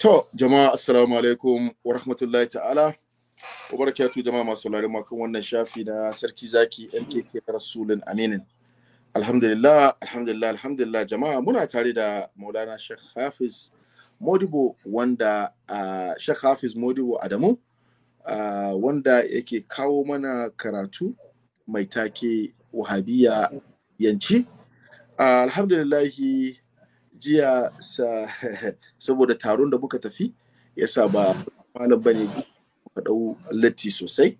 To, jama'a assalamu alaikum wa rahmatullahi ta'ala. Wa barakatu jama'a masu sauraron makon wannan shafi na Sarki Zaki MKK Rasulun Aminin. Alhamdulillah, alhamdulillah, alhamdulillah jama'a muna tare da Maulana Sheikh Hafiz Modibo wanda uh, Sheikh Hafiz Modibo Adamu uh, wanda yake kawo mana karatu mai take wahabiya yanci. Uh, alhamdulillahi jiya saboda taron da muka tafi ya sa ba malam bane ka dau latti sosai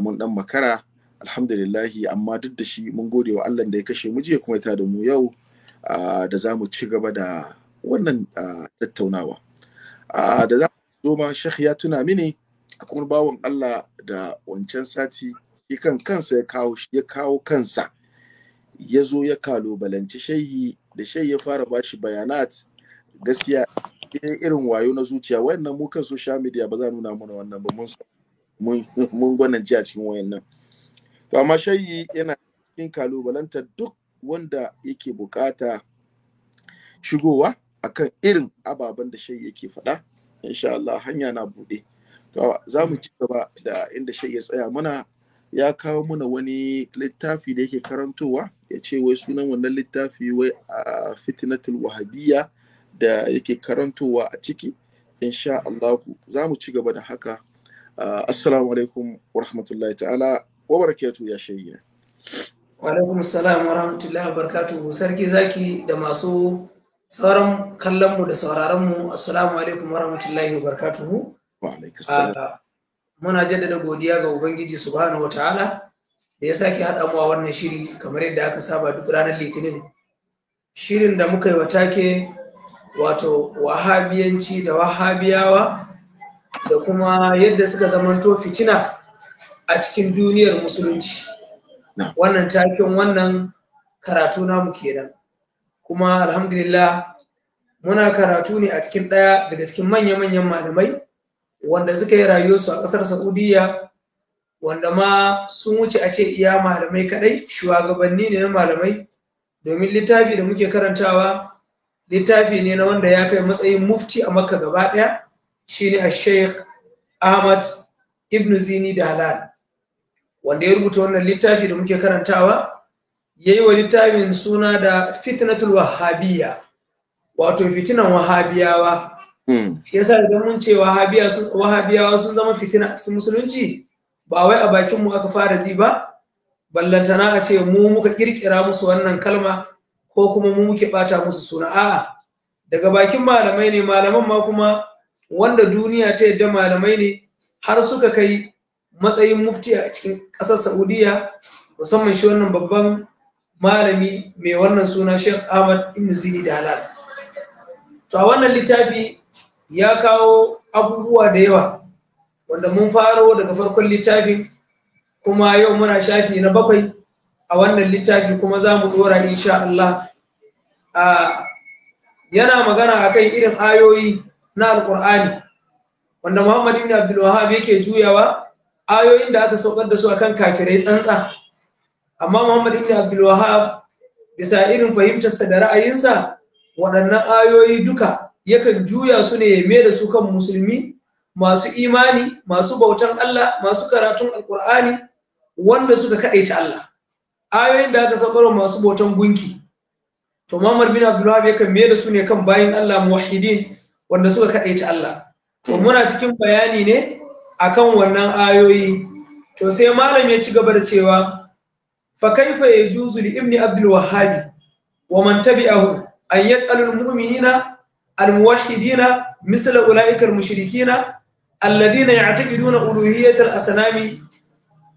mun dan makara alhamdulillahi amma duk da shi mun gode wa Allah da ya kashe mu jiya kuma ya da mu yau da za mu ci gaba da wannan tattaunawa da za mu zo ma shekh ya tuna mini a kuma bawon Allah da wancan sati shi kansa ya kawo ya kawo kansa ya zo ya kalubalanci shayi da shai ya fara bashi bayanat gaskiya irin wayo na zuciya wayannan mu kan social media ba za nuna mana wannan ba mun mun ji a cikin wayannan to amma shayi yana cikin kalubalanta duk wanda yake bukata shigowa akan irin ababen da shayi yake faɗa insha Allah hanya na buɗe to za mu ci gaba da inda shayi ya tsaya mana ya kawo mana wani littafi da yake karantowa ya ce wai sunan wannan littafi wai a fitinatul wahabiyya da yake karantowa a ciki insha Allahu za mu ci gaba da haka assalamu alaikum wa rahmatullahi ta'ala wa barakatuh ya shayyana wa alaikum assalam wa rahmatullahi wa barakatuh sarki zaki da masu sauran kallon mu da sauraron mu assalamu alaikum wa rahmatullahi wa barakatuh wa alaikum assalam muna jaddada godiya ga ubangiji subhanahu wa ta'ala da ya sake haɗa mu a wannan shiri kamar yadda aka saba duk ranar litinin shirin da muka yi wa take wato wahabiyanci da wahabiyawa da kuma yadda suka zamanto fitina a cikin duniyar musulunci wannan taken wannan karatu namu kenan kuma alhamdulillah muna karatu ne a cikin ɗaya daga cikin manya-manyan malamai wanda suka yi rayuwarsu a ƙasar Sa'udiyya. wanda ma sun wuce a ce iya malamai kadai shugabanni ne na malamai domin littafi da muke karantawa littafi ne na wanda ya kai matsayin mufti a makka gaba daya shine a sheikh ahmad ibn zini da halal wanda ya rubuta wannan littafi da muke karantawa ya yi wa littafin suna da fitnatul wahabiya wato fitinan wahabiyawa hmm. shi yasa idan mun ce wahabiyawa sun zama fitina a cikin musulunci ba wai a bakin mu aka fara ji ba ballantana a ce mu muka kirkira musu wannan kalma ko kuma mu muke bata musu suna a'a daga bakin malamai ne malaman ma kuma wanda duniya ta yadda malamai ne har suka kai matsayin mufti a cikin ƙasar saudiya musamman shi wannan babban malami mai wannan suna sheikh ahmad ibn zini da halal to a wannan littafi ya kawo abubuwa da yawa wanda mun faro daga farkon littafin kuma yau muna shafi na bakwai a wannan littafi kuma za mu dora insha Allah yana magana akan irin ayoyi na alkur'ani wanda Muhammad ibn Abdul Wahhab yake juyawa ayoyin da aka saukar da su akan kafirai tsantsa amma Muhammad ibn Abdul Wahhab bisa irin fahimtarsa da ra'ayinsa waɗannan ayoyi duka yakan juya su ne ya da su kan musulmi masu imani masu bautan Allah masu karatun alkur'ani wanda suka kaɗaita Allah ayoyin da aka saukar masu bautan gunki to Muhammad bin Abdullah ya kan da su ne kan bayin Allah muwahhidin wanda suka kaɗaita Allah to muna cikin bayani ne akan wannan ayoyi to sai malam ya ci gaba da cewa fa kaifa yajuzu li ibni Abdul wahhabi wa man tabi'ahu an mu'minina al-muwahhidina misla ulaika mushrikina alladina ya'taqiduna uluhiyatal asnami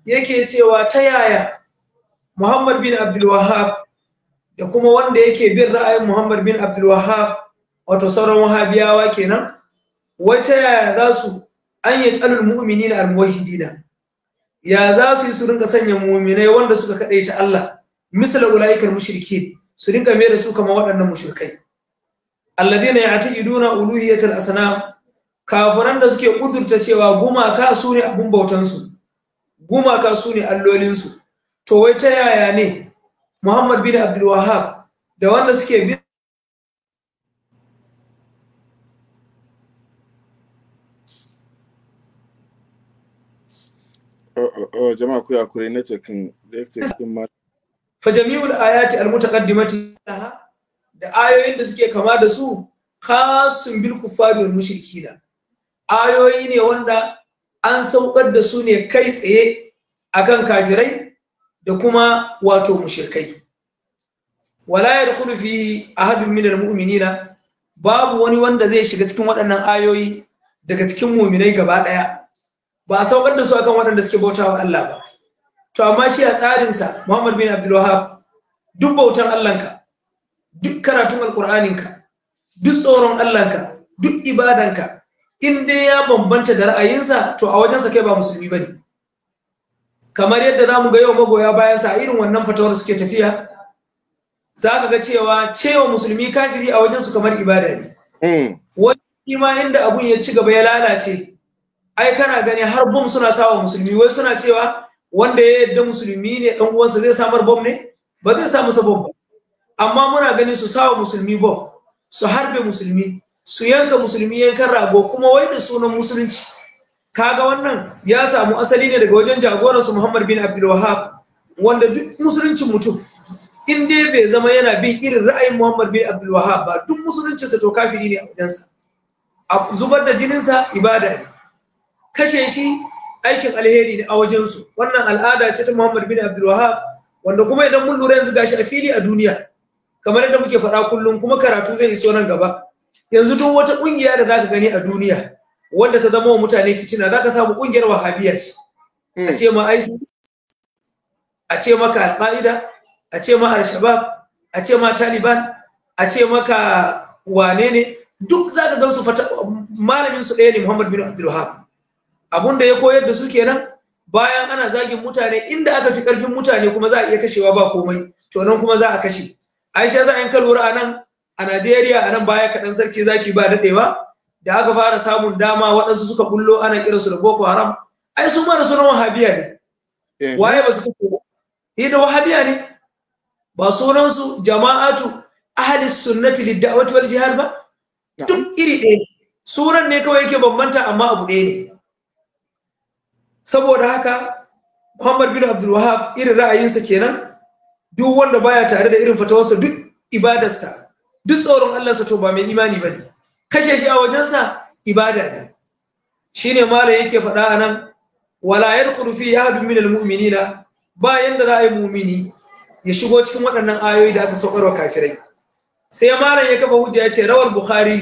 yake cewa ta yaya Muhammad bin Abdulwahab da kuma wanda yake bin ra'ayin Muhammad bin Abdulwahab wato sauran wahabiyawa kenan wai ta yaya za su an yi tsalul mu'minina al ya za su yi su rinka sanya mu'minai wanda suka kaɗaita Allah misal ulaikal mushiriki su rinka mai da su kamar waɗannan mushrikai alladina ya'taqiduna uluhiyatal Asanami. kafiran da suke kudurta cewa gumaka su ne abun bautansu gumaka su ne allolinsu to wai ta yaya ne muhammad bin abdul da wanda suke bi oh, oh, oh, jama'a ku yakure network din ma fa jami'ul ayati almutaqaddimati da ayoyin da suke kama da su khasun bil kuffari wal mushrikina ayoyi ne wanda an saukar da su ne kai tsaye akan kafirai da kuma wato mushirkai wala yadkhulu fi ahadun min almu'minina babu wani wanda zai shiga cikin waɗannan ayoyi daga cikin mu'minai gaba ɗaya ba a saukar da su akan waɗanda suke bautawa Allah ba to amma shi a tsarinsa Muhammad bin Abdul Wahab duk bautan Allahnka duk karatun Alƙur'aninka duk tsoron Allahnka duk ibadanka in dai ya bambanta da ra'ayinsa to a wajensa kai ba musulmi ba ne kamar yadda za mu ga yau magoya bayansa a irin wannan fatawar suke tafiya za ka ga cewa cewa musulmi kafiri a wajensu kamar ibada ne hmm. wani ma inda abun ya ci gaba ya lalace ai kana gani har bom suna sawa musulmi wai suna cewa wanda ya yadda musulmi ne dan uwansa zai samar bom ne ba zai sa masa bom ba amma muna ganin su sawa musulmi bom su harbe musulmi su yanka musulmi yankan rago kuma wai da sunan musulunci kaga wannan ya samu asali ne daga wajen jagoransu Muhammad bin Abdul Wahab wanda duk musuluncin mutum in dai bai zama yana bin irin ra'ayin Muhammad bin Abdul Wahab ba duk musuluncinsa to kafiri ne a wajensa a zubar da jininsa ibada ne kashe shi aikin alheri ne a wajensu wannan al'ada ce ta Muhammad bin Abdul Wahab wanda kuma idan mun lura yanzu gashi a fili a duniya kamar yadda muke faɗa kullum kuma karatu zai iso nan gaba yanzu duk wata kungiya da zaka gani a duniya wanda ta zama wa mutane fitina zaka samu kungiyar wahabiya ce a ce ma ISIS a ce maka al-Qaida a ce ma al-Shabab a ce ma Taliban a ce maka wane ne duk zaka gansu fata malamin su ɗaya ne Muhammad bin Abdul Wahab abun da ya koyar da su kenan bayan ana zagin mutane inda aka fi karfin mutane kuma za a iya kashewa ba komai to nan kuma za a kashe Aisha za a yanka lura a nan a Najeriya a nan baya kaɗan sarki zaki ba daɗewa da aka fara samun dama waɗansu suka bullo ana su da Boko Haram ai su ma sunan wahabiya ne eh. waye ba su kace yi da wahabiya ne ba sunansu jama'atu ahli sunnati lidda'wati wal jihad ba duk iri ɗaya sunan ne kawai yake bambanta amma abu ɗaya ne saboda haka Muhammad bin Abdul Wahab irin ra'ayinsa kenan duk wanda baya tare da irin fatawarsa duk ibadarsa duk tsoron Allah sa to ba mai imani ba ne. kashe shi a wajen sa ibada ne Shi ne malam yake faɗa anan wala yadkhulu fi ahadun minal mu'minina bayan da za a yi mu'mini ya shigo cikin waɗannan ayoyi da aka saukarwa kafirai sai malam ya kafa hujja ya ce rawar bukhari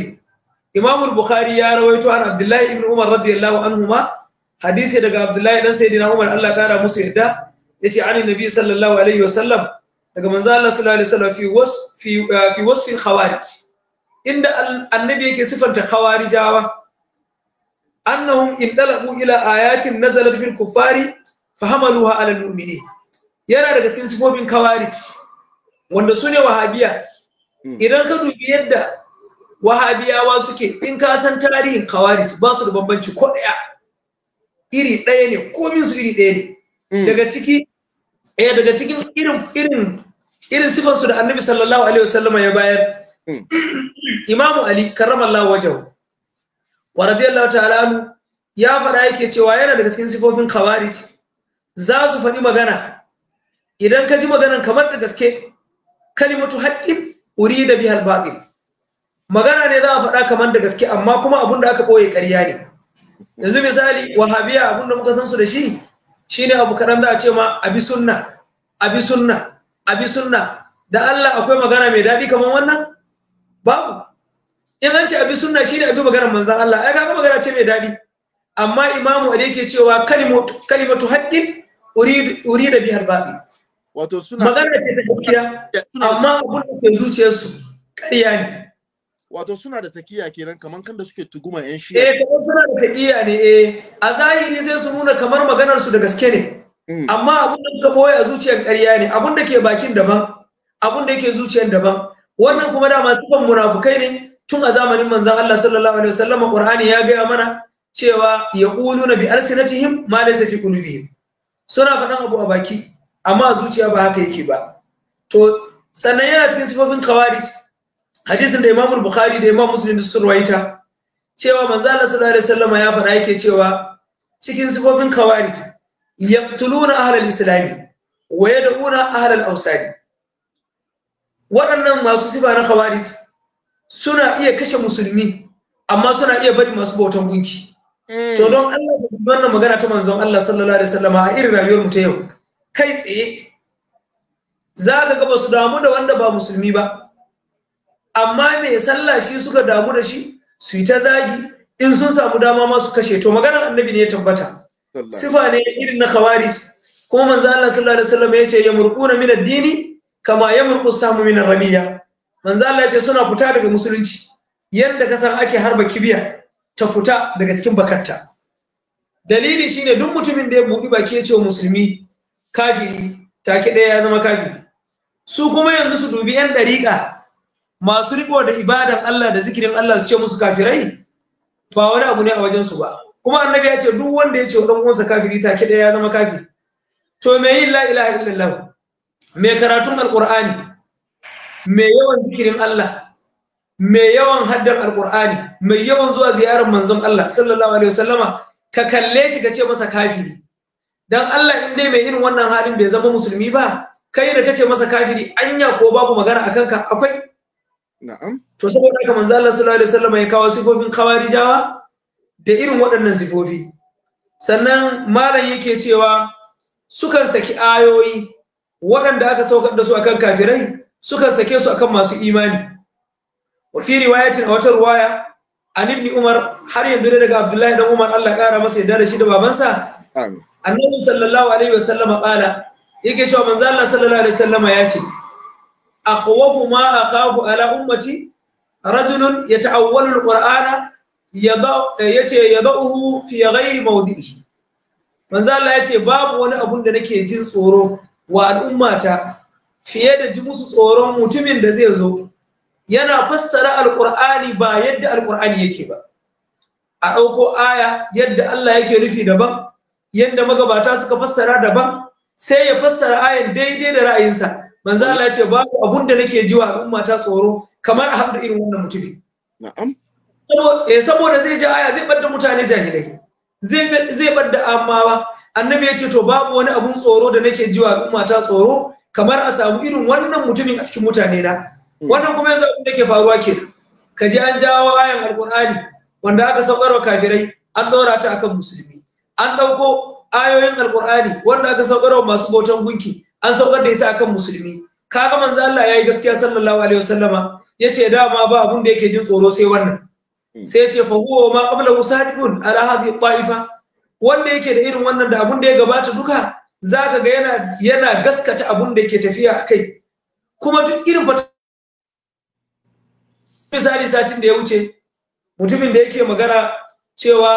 imamul bukhari ya rawaito an abdullahi ibn umar radiyallahu anhu ma. hadisi daga abdullahi dan sayyidina umar Allah kara musu yarda yace ani nabi sallallahu alaihi wasallam daga manzo Allah sallallahu alaihi wasallam fi wasfi fi uh, khawarij inda annabi yake sifanta khawarijawa annahum indalabu ila ayatin nazalat fil kuffari fahamaluha ala almu'minin yana daga cikin sifobin khawarij wanda sune wahabiya hmm. idan ka dubi yadda wahabiyawa suke in ka san tarihin khawarij ba su da bambanci ko daya iri daya ne komin su iri daya ne hmm. daga ciki eh daga cikin irin irin irin sifansu da annabi sallallahu alaihi wasallama ya bayar hmm. imamu ali karramallahu wajahu wa radiyallahu ta'ala anhu ya faɗa yake cewa yana daga cikin sifofin khawarij za su faɗi magana idan ka ji maganan kamar da gaske kalimatu haqqin urida bihal batil magana ne za a faɗa kamar da gaske amma kuma abun da aka ɓoye ƙarya ne yanzu misali wahabiya abun da muka san su da shi shine abu kaɗan za a ce ma abi sunna abi sunna abi sunna da Allah akwai magana mai daɗi kamar wannan babu in an ce abi sunna shine abi magana manzon Allah ai kaga magana ce mai daɗi amma imamu ali yake cewa kalimatu kalimatu haqqin urid urida biha wato suna magana ce ta gaskiya amma abun da ke zuciyarsu ƙarya ne wato suna da takiya kenan kamar kan suke tuguma yan shi eh kamar suna da takiya ne eh a zahiri sai su nuna kamar maganar su da gaske ne mm. amma abun da ka boye a zuciyar ƙarya ne abun da ke bakin daban abun da yake zuciyar daban wannan kuma da masu ban munafukai ne tun a zamanin manzon Allah sallallahu alaihi wasallam Qur'ani ya gaya mana cewa yaquluna bi alsinatihim ma laysa fi qulubihim suna faɗan abu a baki amma a zuciya ba haka yake ba to sannan yana cikin sifofin khawarij hadisin da imamul bukhari da imam muslim sun ruwaita cewa manzo Allah sallallahu alaihi wasallam ya faɗa yake cewa cikin sifofin khawarij yaqtuluna al islami wa yad'una al awsani waɗannan masu sifa na khawarij suna iya kashe musulmi amma suna iya bari masu bautan gunki hmm. to don Allah wannan magana ta manzon Allah sallallahu alaihi wasallam a irin rayuwar mu ta yau kai tsaye za ka ga ba su damu da wanda ba musulmi ba amma mai sallah shi suka damu da shi su yi ta zagi in sun samu dama ma su kashe to maganar annabi ne ya tabbata sifa ne irin na khawarij kuma manzo Allah sallallahu alaihi wasallam ya ce yamurquna min ad-dini kama yamurqu samu min ar-ramiya manzo Allah ya ce suna fita daga musulunci yanda kasar ake harba kibiya ta fita daga cikin bakarta dalili shine duk mutumin da ya buɗi baki ya ce musulmi kafiri take ɗaya ya zama kafiri su kuma yanzu su dubi yan dariƙa masu riko da ibadan Allah da zikirin Allah su ce musu kafirai ba wani abu ne a wajen su ba kuma annabi ya ce duk wanda ya ce dan uwansa kafiri ta kida ya zama kafiri to me yin la ilaha illallah me karatun alqur'ani me yawan zikirin Allah me yawan haddar alqur'ani me yawan zuwa ziyarar manzon Allah sallallahu alaihi wasallama ka kalle shi ka ce masa kafiri dan Allah in dai mai irin wannan halin bai zama musulmi ba kai da kace masa kafiri anya ko babu magana akan ka akwai na'am to saboda haka manzo Allah sallallahu alaihi wasallam ya kawo sifofin khawarijawa da irin waɗannan sifofi sannan malam yake cewa sukan saki ayoyi waɗanda aka saukar da su akan kafirai sukan sake su akan masu imani wa fi riwayatin a wata riwaya an ibn umar har yanzu ne daga abdullahi dan umar Allah kara masa yadda da shi da babansa annabi sallallahu alaihi wasallam qala yake cewa manzo Allah sallallahu alaihi wasallam ya ce akhwafu ma akhafu ala ummati rajulun yata'awwalu alqur'ana yace yadahu fi ghairi mawdihi manzo Allah yace babu wani abun da nake jin tsoro wa al'ummata fiye da ji musu tsoron mutumin da zai zo yana fassara alqur'ani ba yadda alqur'ani yake ba a ɗauko aya yadda Allah yake nufi daban yadda magabata suka fassara daban sai ya fassara ayan daidai da ra'ayinsa manzo Allah ya ce babu abun da nake jiwa al'umma ta tsoro kamar a haɗa irin wannan mutumi na'am eh, saboda zai ji aya zai bar mutane jahilai zai zai da amawa annabi ya ce to babu wani abun tsoro da nake jiwa al'umma ta tsoro kamar a samu irin wannan mutumin a cikin mutane na hmm. wannan kuma yanzu abin da ke faruwa ke ka ji an jawo ayan alkur'ani wanda aka saukarwa kafirai an ɗora ta akan musulmi an ɗauko ayoyin alqur'ani wanda aka saukarwa masu bautan gunki an saukar da ita akan musulmi kaga manzo Allah yayi gaskiya sallallahu alaihi wasallama yace dama ba abun da yake jin tsoro sai wannan hmm. sai yace fa huwa ma qabla musadiqun ala hadhihi ta'ifa wanda yake da irin wannan da abun da ya gabata duka zaka ga yana yana gaskata abun da yake tafiya akai kuma duk irin misali satin da ya wuce mutumin da yake magana cewa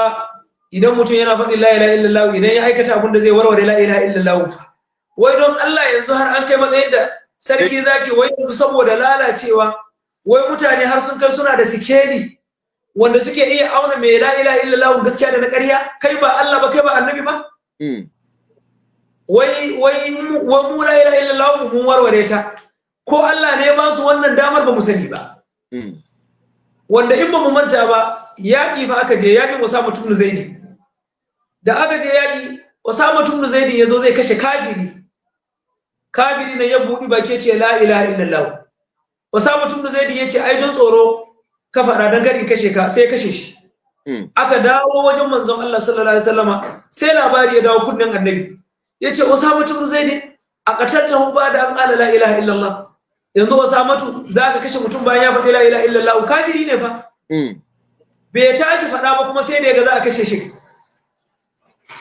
idan mutum yana faɗin la ilaha illallah idan ya aikata abun da zai warware la ilaha illallah fa wai don Allah yanzu har an kai matsayin da sarki eh. zaki wai yanzu saboda lalacewa wai mutane har sun kai suna da sikeli wanda suke iya auna mai la ilaha illallah gaskiya da na ƙarya kai ba Allah ba kai ba annabi ba hmm. wai wai wa mu la ilaha illallah mun warware ta ko Allah ne ba su wannan damar ba mu sani ba hmm. wanda in ba mu manta ba yaƙi fa aka je yaƙi Usama tunu Zaidi da aka je yaƙi Usama tunu Zaidi yazo zai kashe kafiri kafiri ne ya buɗi baki ce la ilaha illallah Usama ibn Zaid ya ce ai don tsoro ka fara dan gari kashe ka sai kashe shi hmm. aka dawo wajen manzon Allah sallallahu alaihi wasallama sai labari ya dawo kunnen annabi yace mutum ibn zai a ta huba da an qala la ilaha illallah yanzu za zaka kashe mutum bayan ya faɗi la ilaha illallah kafiri ne fa hmm. bai tashi faɗa ba kuma sai ne ga za a kashe shi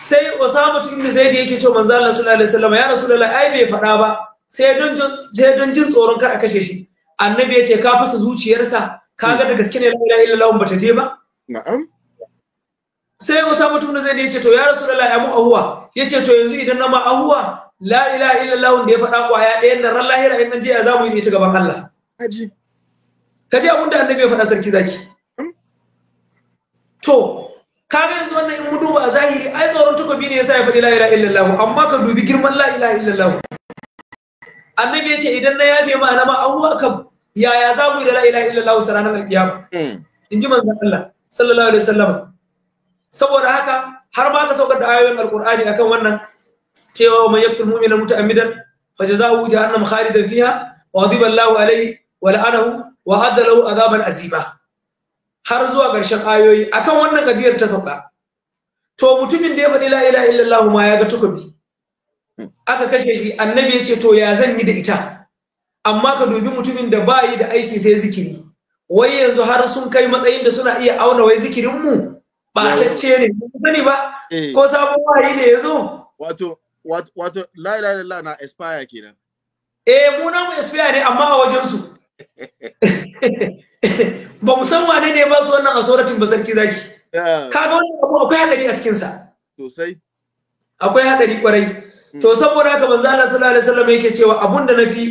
sai Usama zai da yake cewa manzo Allah sallallahu alaihi wasallam ya Rasulullah ai bai faɗa ba sai don sai don jin tsoron kar a kashe shi annabi ya ce ka fasa zuciyarsa ka ga da gaske ne la ilaha illallah ba ta je ba na'am sai osama tun da zai ce to ya Rasulullah ya mu ahuwa ya yace to yanzu idan na ma ahuwa la ilaha illallah da ya faɗa kwaya ɗayan nan ran lahira in je ya zamu yi ne ta gaban Allah aji kaje abin da annabi ya faɗa sarki zaki to kaga yanzu wannan in mu duba zahiri ai tsoron takobi ne yasa ya faɗi la ilaha illallah amma ka dubi girman la ilaha illallah annabi ya ce idan na yafe ma na ma ahuwa ka yaya za mu yi da la ilaha illallah saranar alkiyama hmm. in ji manzon Allah sallallahu alaihi wasallam saboda haka har ma ka saukar da ayoyin alqur'ani akan wannan cewa man yaqtul mu'mina muta'ammidan fajazahu jahannam khalidan fiha wa ghadiba Allahu alaihi wa la'anahu wa adda lahu azaban azima har zuwa ƙarshen ayoyi akan wannan gadiyar ta sauka to mutumin da ya faɗi la ilaha illallah ma ya ga tukubi aka kashe shi annabi ya ce to ya zan yi da ita amma ka dubi mutumin da ba yi da aiki sai zikiri wai yanzu har sun kai matsayin da suna iya auna wai zikirin mu batacce ne sani ba eh. ko sabon wayi ne ya zo wato wato la ilaha illallah na expire kenan eh mu na mu expire ne amma a wajen su ba mu san wane ne ba su wannan asoratin ba sarki zaki kaga wannan abu akwai hadari a cikin sa sosai akwai hadari kwarai hmm. to saboda haka manzo Allah sallallahu alaihi wasallam yake cewa abun da nafi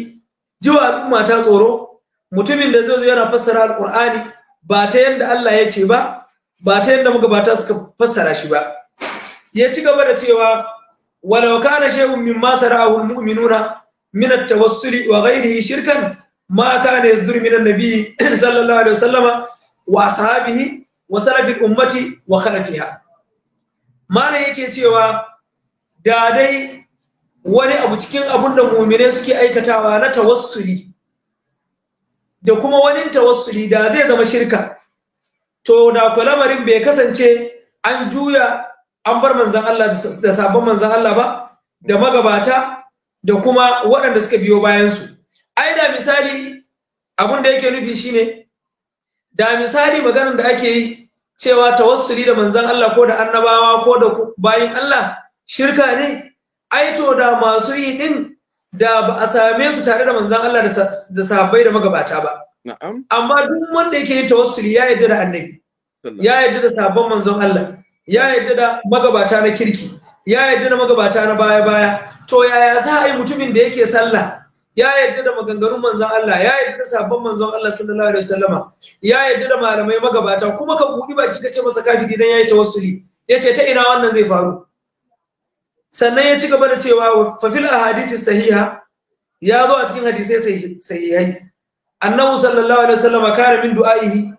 jiwa al'umma ta tsoro mutumin da zai zo yana fassara alqur'ani ba ta yanda Allah ya ce ba ba ta yanda magabata suka fassara shi ba ya ci gaba da cewa walau kana min mimma sara'ahu almu'minuna min at-tawassuli wa ghayrihi shirkan ma ne yasdur min annabi sallallahu alaihi wasallama wa ashabihi wa salafil ummati wa khalafiha malam yake cewa da dai wani abu cikin abun da mumine suke aikatawa na tawassuli da kuma wani tawassuli da zai zama shirka to da ku lamarin bai kasance an juya an bar manzan Allah da sabon manzan Allah ba da magabata da kuma waɗanda suka biyo bayansu ai da misali abun da yake nufi shine da misali maganar da ake yi cewa tawassuli da manzan Allah ko da annabawa ko da bayin Allah shirka ne ai to da masu yi din da ba a same su tare da manzan Allah da sahabbai da magabata ba amma duk wanda yake yin tawassuli ya yarda da annabi ya yarda da sabon manzon Allah ya yarda da magabata na kirki ya yarda da magabata na baya baya to yaya za a yi mutumin da yake sallah ya yarda da maganganun manzon Allah ya yarda da sabon manzon Allah sallallahu alaihi wasallama ya yarda da malamai magabata kuma ka buɗi baki ka ce masa kafi gidan yayi tawassuli yace ta ina wannan zai faru sannan ya ci gaba da cewa fa fil ahadisi sahiha ya zo a cikin hadisai sahihai Annabi sallallahu alaihi wasallama kare min du'aihi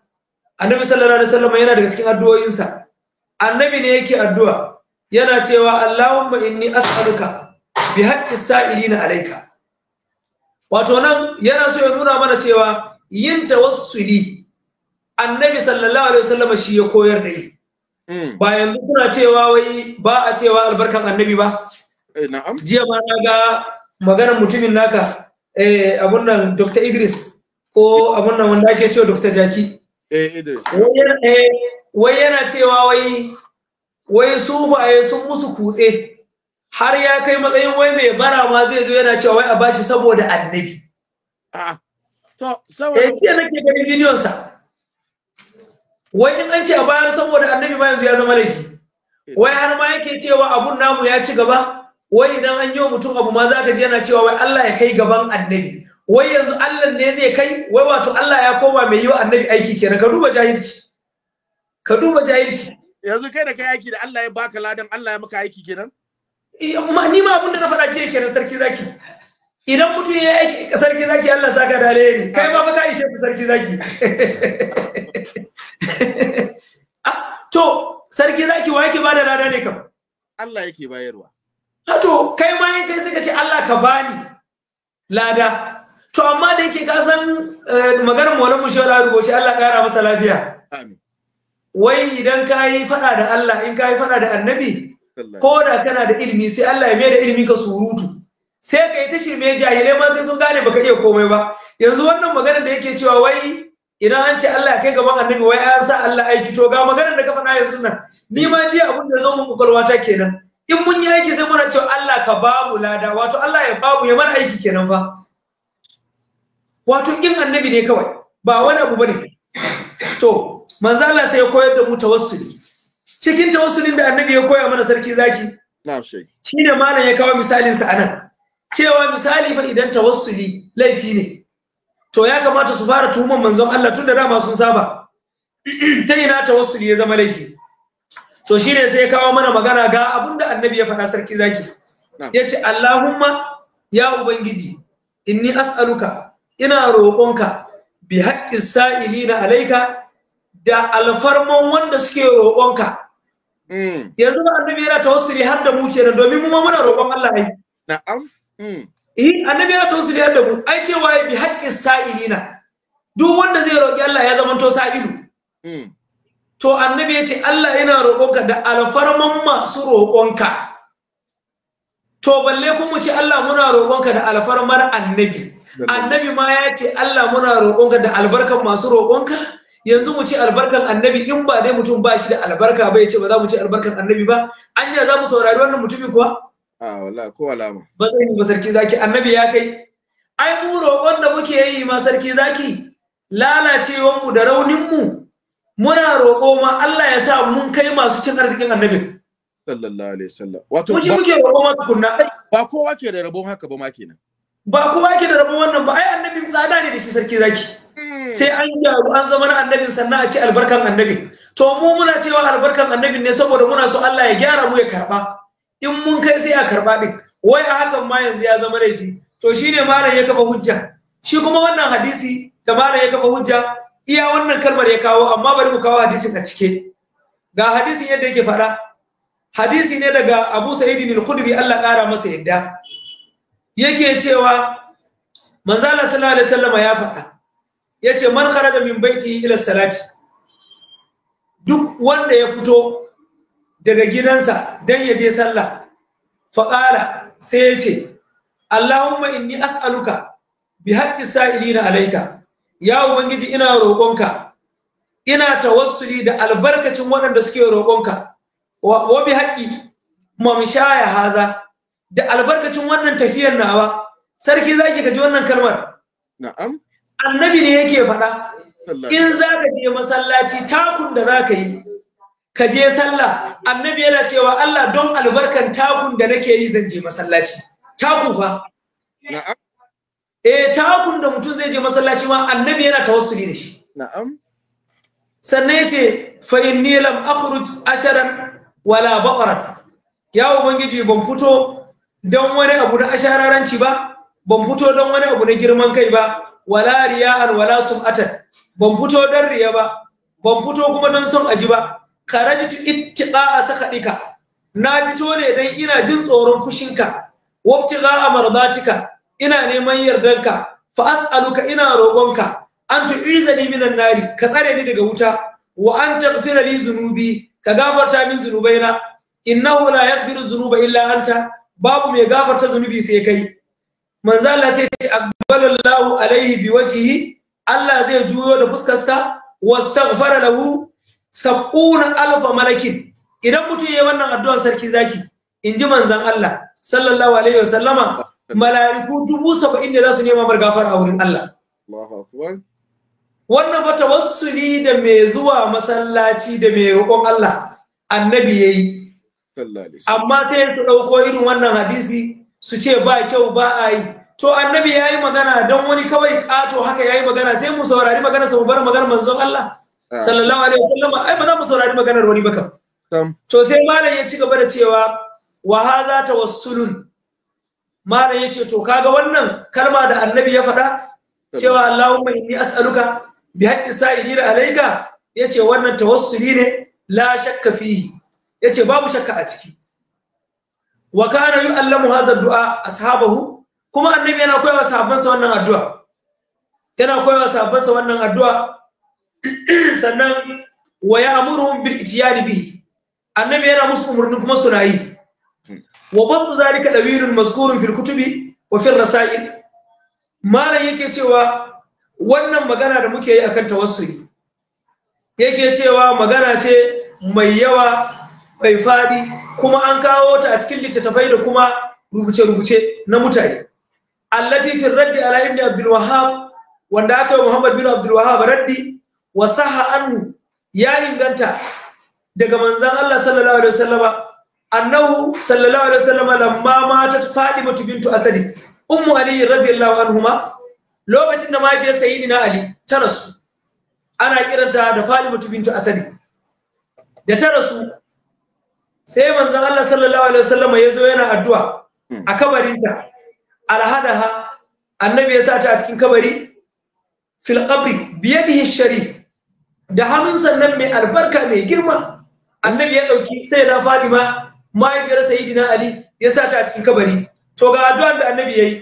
annabi sallallahu alaihi wasallama yana daga cikin addu'o'insa annabi ne yake addu'a yana cewa allahumma inni as'aluka bi haqqis sa'ilina alayka wato nan yana so ya nuna mana cewa yin tawassuli annabi sallallahu alaihi wasallam shi ya koyar da yi hmm. ba yanzu kuna cewa wai ba a cewa albarkan annabi ba eh, jiya ma na ga maganar mutumin naka eh abun nan dr idris ko abun nan wanda ake cewa dr jaki eh, eh, wai yana cewa wai wai sufaye sun musu kutse har ya kai matsayin wai mai bara ma zai zo yana cewa wai a bashi saboda annabi ah, to saboda eh ke nake ganin bidiyon sa wai in an ce a bayar saboda annabi ma yanzu ya zama laifi eh. wai har ma yake cewa abun namu ya ci gaba wai idan an yi mutum abu ma za ka ji yana cewa wai Allah ya kai gaban annabi wai yanzu Allah ne zai kai wai wato Allah ya koma mai yi wa annabi aiki kenan ka duba jahilci ka duba jahilci yanzu kai da kai aiki da Allah ya baka ladan Allah ya maka aiki kenan Eh, ni ma abin da na faɗa jiya kenan sarki zaki idan mutum ya aiki sarki zaki Allah saka da alheri kai ma fa ka ishe ku sarki zaki ah, to sarki zaki wa yake bada lada ne kam Allah yake bayarwa ha to kai ma in kai suka ce Allah ka bani lada to amma da yake ka san eh, maganar Maulana Mushawara shi Allah kara masa lafiya amin wai idan ka yi fada da Allah in ka yi fada da Annabi ko da kana da ilimi sai Allah ya mai da ilimin ka surutu sai ka yi ta shirme jahilai ma sai sun gane baka iya komai ba yanzu wannan magana da yake cewa wai idan an ce Allah kai gaban annabi wai an sa Allah aiki to ga maganar da ka faɗa yanzu nan ni ma ji abin da zo mun kokarwa ta kenan in mun yi aiki sai muna cewa Allah ka ba mu lada wato Allah ya ba mu ya mana aiki kenan fa wato in annabi ne kawai ba wani abu bane to manzo Allah sai ya koyar da mu tawassuli cikin tawassulin da annabi ya koya mana sarki zaki shi ne malam ya kawo misalinsa a nan cewa misali fa idan tawassuli laifi ne to ya kamata su fara tuhuman manzon Allah tun da dama sun saba ta ina tawassuli ya zama laifi to shi ne sai ya kawo mana magana ga abin da annabi ya faɗa sarki zaki ya ce Allahumma ya Ubangiji inni as'aluka ina roƙonka bi haƙƙin sa'ilina alaika da alfarman wanda suke roƙonka Hmm. yanzu da annabi yana tawassuli har da mu kenan domin mu ma muna roƙon Allah ai na'am hmm. eh annabi yana tawassuli har da mu ai cewa bi haqqis sa'ilina duk wanda zai roƙi Allah ya zama to sa'ilu hmm. to annabi ya ce Allah yana roƙonka da alfarman masu roƙonka to balle ku mu ce Allah muna roƙonka da alfarmar annabi annabi ma ya ce Allah muna roƙonka da albarkan masu roƙonka yanzu mu ci albarkan annabi in ba dai mutum ba shi da albarka ba ya ce ba za mu ci albarkan annabi ba anya za mu saurari wannan mutumin kuwa a wallahi ko alama ba zai yi ba sarki zaki annabi ya kai ai mu roƙon da muke yi ma sarki zaki lalacewan mu da raunin mu muna roƙo ma Allah ya sa mun kai masu cin arzikin annabi sallallahu alaihi wasallam wato muke muke roƙo ma tukunna ba kowa ke da rabon haka ba ma kenan ba kowa ke da rabon wannan ba ai annabi tsada ne da shi sarki zaki sai an gyaru an zama na annabin sannan a ci albarkan annabi. to mu muna cewa albarkan annabin ne saboda muna so Allah ya gyara mu ya karba in mun kai sai a karba din wai a hakan ma yanzu ya zama laifi to shine malam ya kafa hujja shi kuma wannan hadisi da malam ya kafa hujja iya wannan kalmar ya kawo amma bari mu kawo hadisin a cike ga hadisin yadda yake faɗa hadisi ne daga Abu Sa'id bin khudri Allah ƙara masa yadda yake cewa manzo Allah sallallahu alaihi wasallam ya faɗa yace man kharaja min baiti ila salati duk wanda ya fito daga gidansa dan ya je sallah qala sai yace allahumma inni as'aluka bi haqqi sa'ilina alayka ya ubangiji ina roƙonka ina tawassuli da albarkacin waɗanda suke roƙonka wa bi haƙƙi mamshaya haza da albarkacin wannan tafiyar nawa sarki zaki ka ji wannan kalmar na'am annabi ne yake faɗa in za ka je masallaci takun da za ka yi ka je sallah annabi yana cewa Allah don albarkan takun da nake yi zan je masallaci taku fa eh takun da mutum zai je masallaci ma annabi yana tawassuli da shi na'am sannan yace fa inni lam akhruj asharan wala baqara ya ubangiji ban fito don wani abu na ashararanci ba ban fito don wani abu na girman kai ba wala riya'an wala sum'atan ban fito don riya ba ban fito kuma don son aji ba kharajtu ittiqa'a sakhadika na fito ne dan ina jin tsoron fushin ka. fushinka wabtiqa'a mardatika ina neman yardanka fa as'aluka ina ka. an tu'izani minan nari ka tsare ni daga wuta wa an taghfira li zunubi ka gafarta min zunubaina innahu la yaghfiru zunuba illa anta babu mai gafarta zunubi sai kai manzo Allah sai ce Allahu alaihi biwajhihi Allah zai juyo da fuskarsa wastaghfara lahu sab'una alfa malakin idan mutum yi wannan addu'ar sarki zaki inji manzan Allah sallallahu alaihi wasallama mala'iku dubu saba'in ne za su nema mar a wurin Allah wannan fa tawassuli da mai zuwa masallaci da mai roƙon Allah annabi yayi amma sai su ɗauko irin wannan hadisi su ce ba kyau ba a yi to annabi ya yi magana don wani kawai kato haka ya yi magana sai mu saurari magana sa bar maganar manzon Allah ah. sallallahu alaihi wasallam ai ba za mu saurari maganar wani ba kam to sai malam ya ci gaba da cewa wa hadha tawassulun malam ya ce to kaga wannan kalma da annabi ya faɗa cewa Allahumma inni as'aluka bi haqqi sa'idin alayka yace wannan tawassuli ne la shakka fihi yace babu shakka a ciki wa kana yu'allamu hadha du'a ashabahu kuma annabi yana koyawa sahabbansa wannan addu'a yana koyawa sahabbansa wannan addu'a sannan wa ya'muruhum bil itiyari bihi annabi yana musu umurni kuma suna yi wa babu zalika dawilun mazkurun fil kutubi wa fil rasail malam yake cewa wannan magana da muke yi akan tawassuli yake cewa magana ce mai yawa kai faɗi kuma an kawo ta a cikin littattafai da kuma rubuce-rubuce na mutane allati fi raddi ala ibn abdul wahhab wanda aka yi muhammad bin abdul wahhab raddi wa saha annu ya inganta daga manzan Allah sallallahu alaihi wasallama annahu sallallahu alaihi wasallama lamma mata fadima bintu asadi ummu ali radiyallahu anhuma lokacin da mahaifiyar sayyidina ali ta rasu ana kiranta da fadima bintu asadi da ta rasu sai manzon Allah sallallahu alaihi wasallam ya zo yana addu'a hmm. a kabarinta alhadaha annabi ya sa ta a cikin kabari fil qabri biyadihi sharif da hannun sannan mai albarka mai girma annabi ya dauki sai na Fadima mahaifiyar sayyidina Ali ya sa ta a cikin kabari to ga addu'an da annabi yayi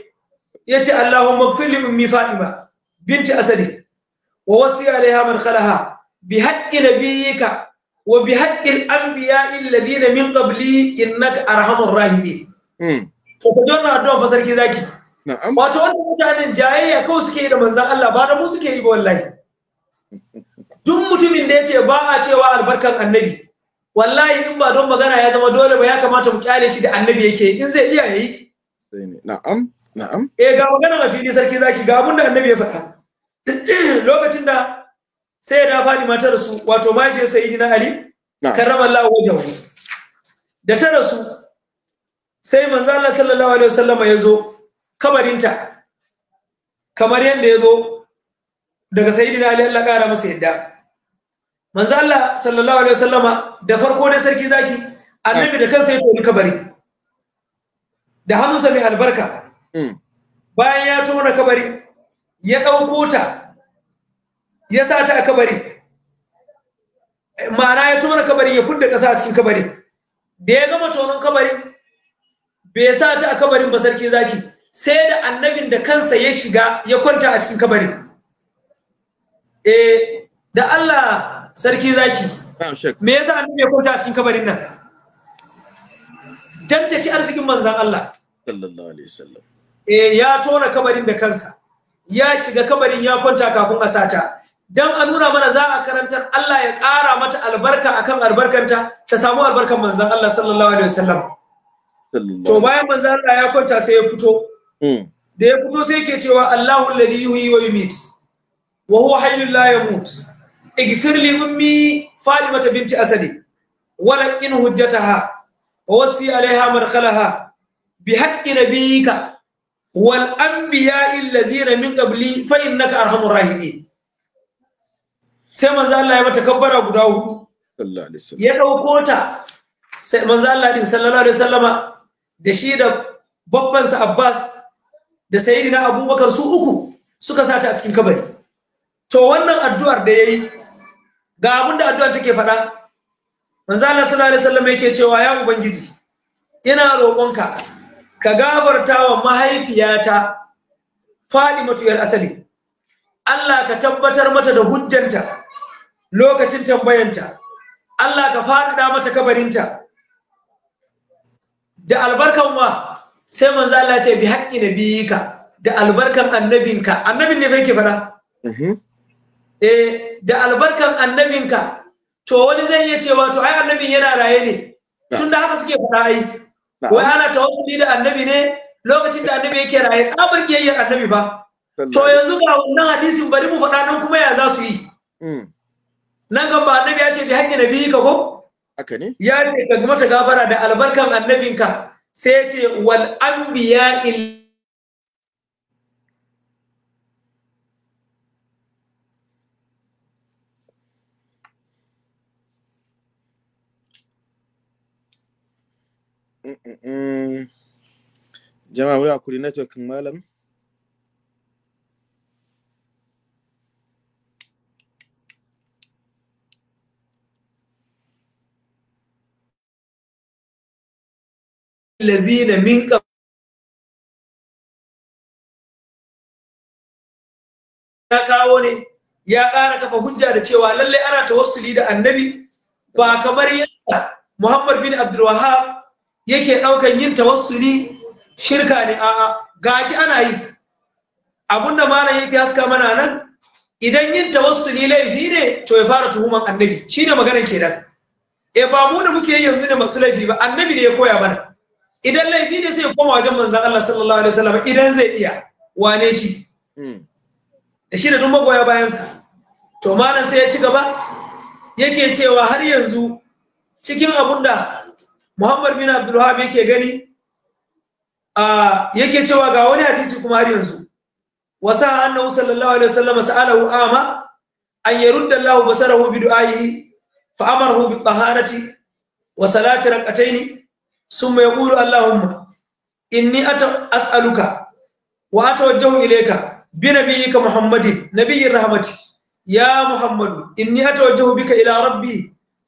yace Allahumma qfil li ummi Fadima binti Asadi wa wasi alaiha man khalaha bi haqqi nabiyyika wa bi haqqil anbiya'i alladhina min qabli innaka arhamur rahimin to ka na addu'a fa sarki zaki wato wannan mutanen jayayya kawai suke yi da manzan Allah ba da mu suke yi ba wallahi duk mutumin da yace ba a cewa albarkan annabi wallahi in ba don magana ya zama dole ba ya kamata mu kyale shi da annabi yake in zai iya yayi na'am na'am eh ga magana a fili sarki zaki ga abin da annabi ya faɗa lokacin da sai da Fadima ta rasu wato mahaifiyar Sayyidina Ali karramallahu wajhahu da ta rasu sai manzo Allah sallallahu alaihi wasallama ya zo kabarinta kamar yadda ya zo daga Sayyidina Ali Allah kara masa yadda manzo Allah sallallahu alaihi wasallama da farko da sarki zaki annabi da kansa ya toni kabari da hannunsa mai albarka hmm. bayan ya tona kabari ya ɗauko ta ya sa ta a kabari ma'ana ya tona kabarin ya fudda ƙasa a cikin kabarin da ya gama tonon kabarin bai sa ta a kabarin ba sarki zaki sai da annabin da kansa ya shiga ya kwanta a cikin kabarin eh da Allah sarki zaki me yasa annabi ya kwanta a cikin kabarin nan dan ta ci arzikin manzon Allah sallallahu alaihi wasallam eh ya tona kabarin da kansa ya shiga kabarin ya kwanta kafin a sata don a nuna mana za a karantar Allah ya ƙara mata albarka akan albarkanta ta samu albarkan manzan Allah sallallahu alaihi wasallam to bayan manzan Allah ya kwanta sai ya fito hmm. da ya fito sai ke cewa Allahu alladhi yuhyi wa yumit wa huwa hayyul la yamut Igfir li ummi fatimata binti asadi la in hujjataha wa wasi alaiha marhalaha bi haqqi nabiyyika wal anbiya'i allazina min qabli fa innaka arhamur rahimin sai manzo Allah ya mata kabbara guda hudu ya dauko ta sai manzo Allah din sallallahu alaihi wasallama da shi da sa Abbas da sayyidina Abubakar su uku suka sata a cikin kabari to wannan addu'ar da yayi ga abin da addu'ar take faɗa manzo Allah sallallahu alaihi wasallama yake cewa ya ubangiji ina roƙonka ka gafarta wa mahaifiyata Fatimatu matuyar asali Allah ka tabbatar mata da hujjanta lokacin tambayanta Allah ka faɗaɗa mata kabarinta da albarkan wa sai manzo Allah ce bi haƙƙi nabiyika da albarkan annabinka annabin ne fanki yake faɗa mhm. eh da albarkan annabinka to wani zai iya cewa to ai annabin yana raye ne tun da haka suke faɗa ai wai ana tawassuli da annabi ne lokacin da annabi yake raye tsabar kiyayyar annabi ba to yanzu ga wannan hadisin bari mu faɗa nan kuma ya za su yi mm. nan kan ba annabi ya ce bi hakki nabi ka ko haka ne ya ce ka ta gafara da albarkan annabinka sai ya ce wal anbiya il mm, mm, mm. jama'a wai hakuri network malam الذين من ya kawo ne ya ƙara kafa hujja da cewa lalle ana tawassuli da annabi ba kamar yadda Muhammad bin Abdulwahab yake ɗaukan yin tawassuli shirka ne a'a gashi ana yi abunda malam yake haska mana nan idan yin tawassuli laifi ne to ya fara tuhuman annabi shine maganar kenan e ba mu da muke yi yanzu ne masu laifi ba annabi ne ya koya mana idan laifi ne sai koma wajen manzan Allah sallallahu alaihi wasallam idan zai iya wane shi hmm. da shi da duk magoya bayansa to malam sai ya ci gaba yake cewa har yanzu cikin abun da Muhammad bin Abdul Wahab yake gani yake cewa ga wani hadisi kuma har yanzu wasa annahu sallallahu alaihi wasallam sa'alahu ama an yarudda Allahu basarahu bi du'aihi fa amarahu bi taharati wa salati raqataini ثم يقول اللهم إني أسألك وأتوجه إليك بنبيك محمد نبي الرحمة يا محمد إني أتوجه بك إلى ربي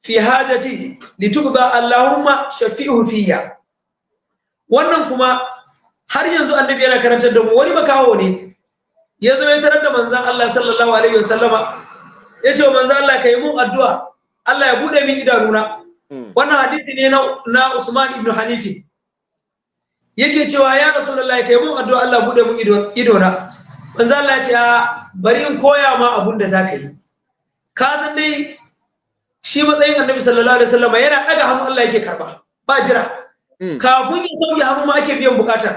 في حاجتي لتقضى اللهم شفيه فيا wannan kuma har yanzu annabi yana karantar da mu wani makaho ne ya zo ya tarar da manzan Allah sallallahu alaihi wasallama ya ce wa manzan Allah ka yi mun addu'a Allah ya buɗe min idanuna wannan hadisi ne na Usman ibn Hanifi yake cewa ya Rasulullahi kai mun addu'a Allah bude mun ido na manzo Allah ya ce bari in koya ma abun da zaka yi ka san dai shi matsayin Annabi sallallahu alaihi wasallam yana daga hannun Allah yake karba ba jira hmm. kafin ya sauya hannu ma ake biyan bukata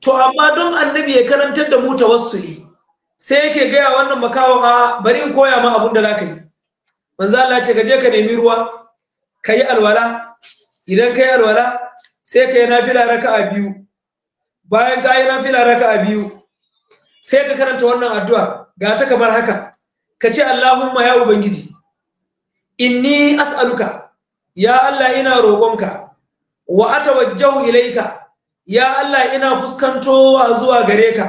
to amma don Annabi ya karantar da mu tawassuli sai yake gaya wannan makawa bari in koya ma abun da zaka yi manzo Allah ya ce ka je ka nemi ruwa ka yi alwala idan ka yi alwala sai ka yi nafila raka a biyu bayan ka yi nafila raka a biyu sai ka karanta wannan addu'a ga ta kamar haka ka ce Allahumma ya Ubangiji inni as'aluka ya Allah ina roƙonka wa atawajjahu ilaika ya Allah ina fuskantowa zuwa gare ka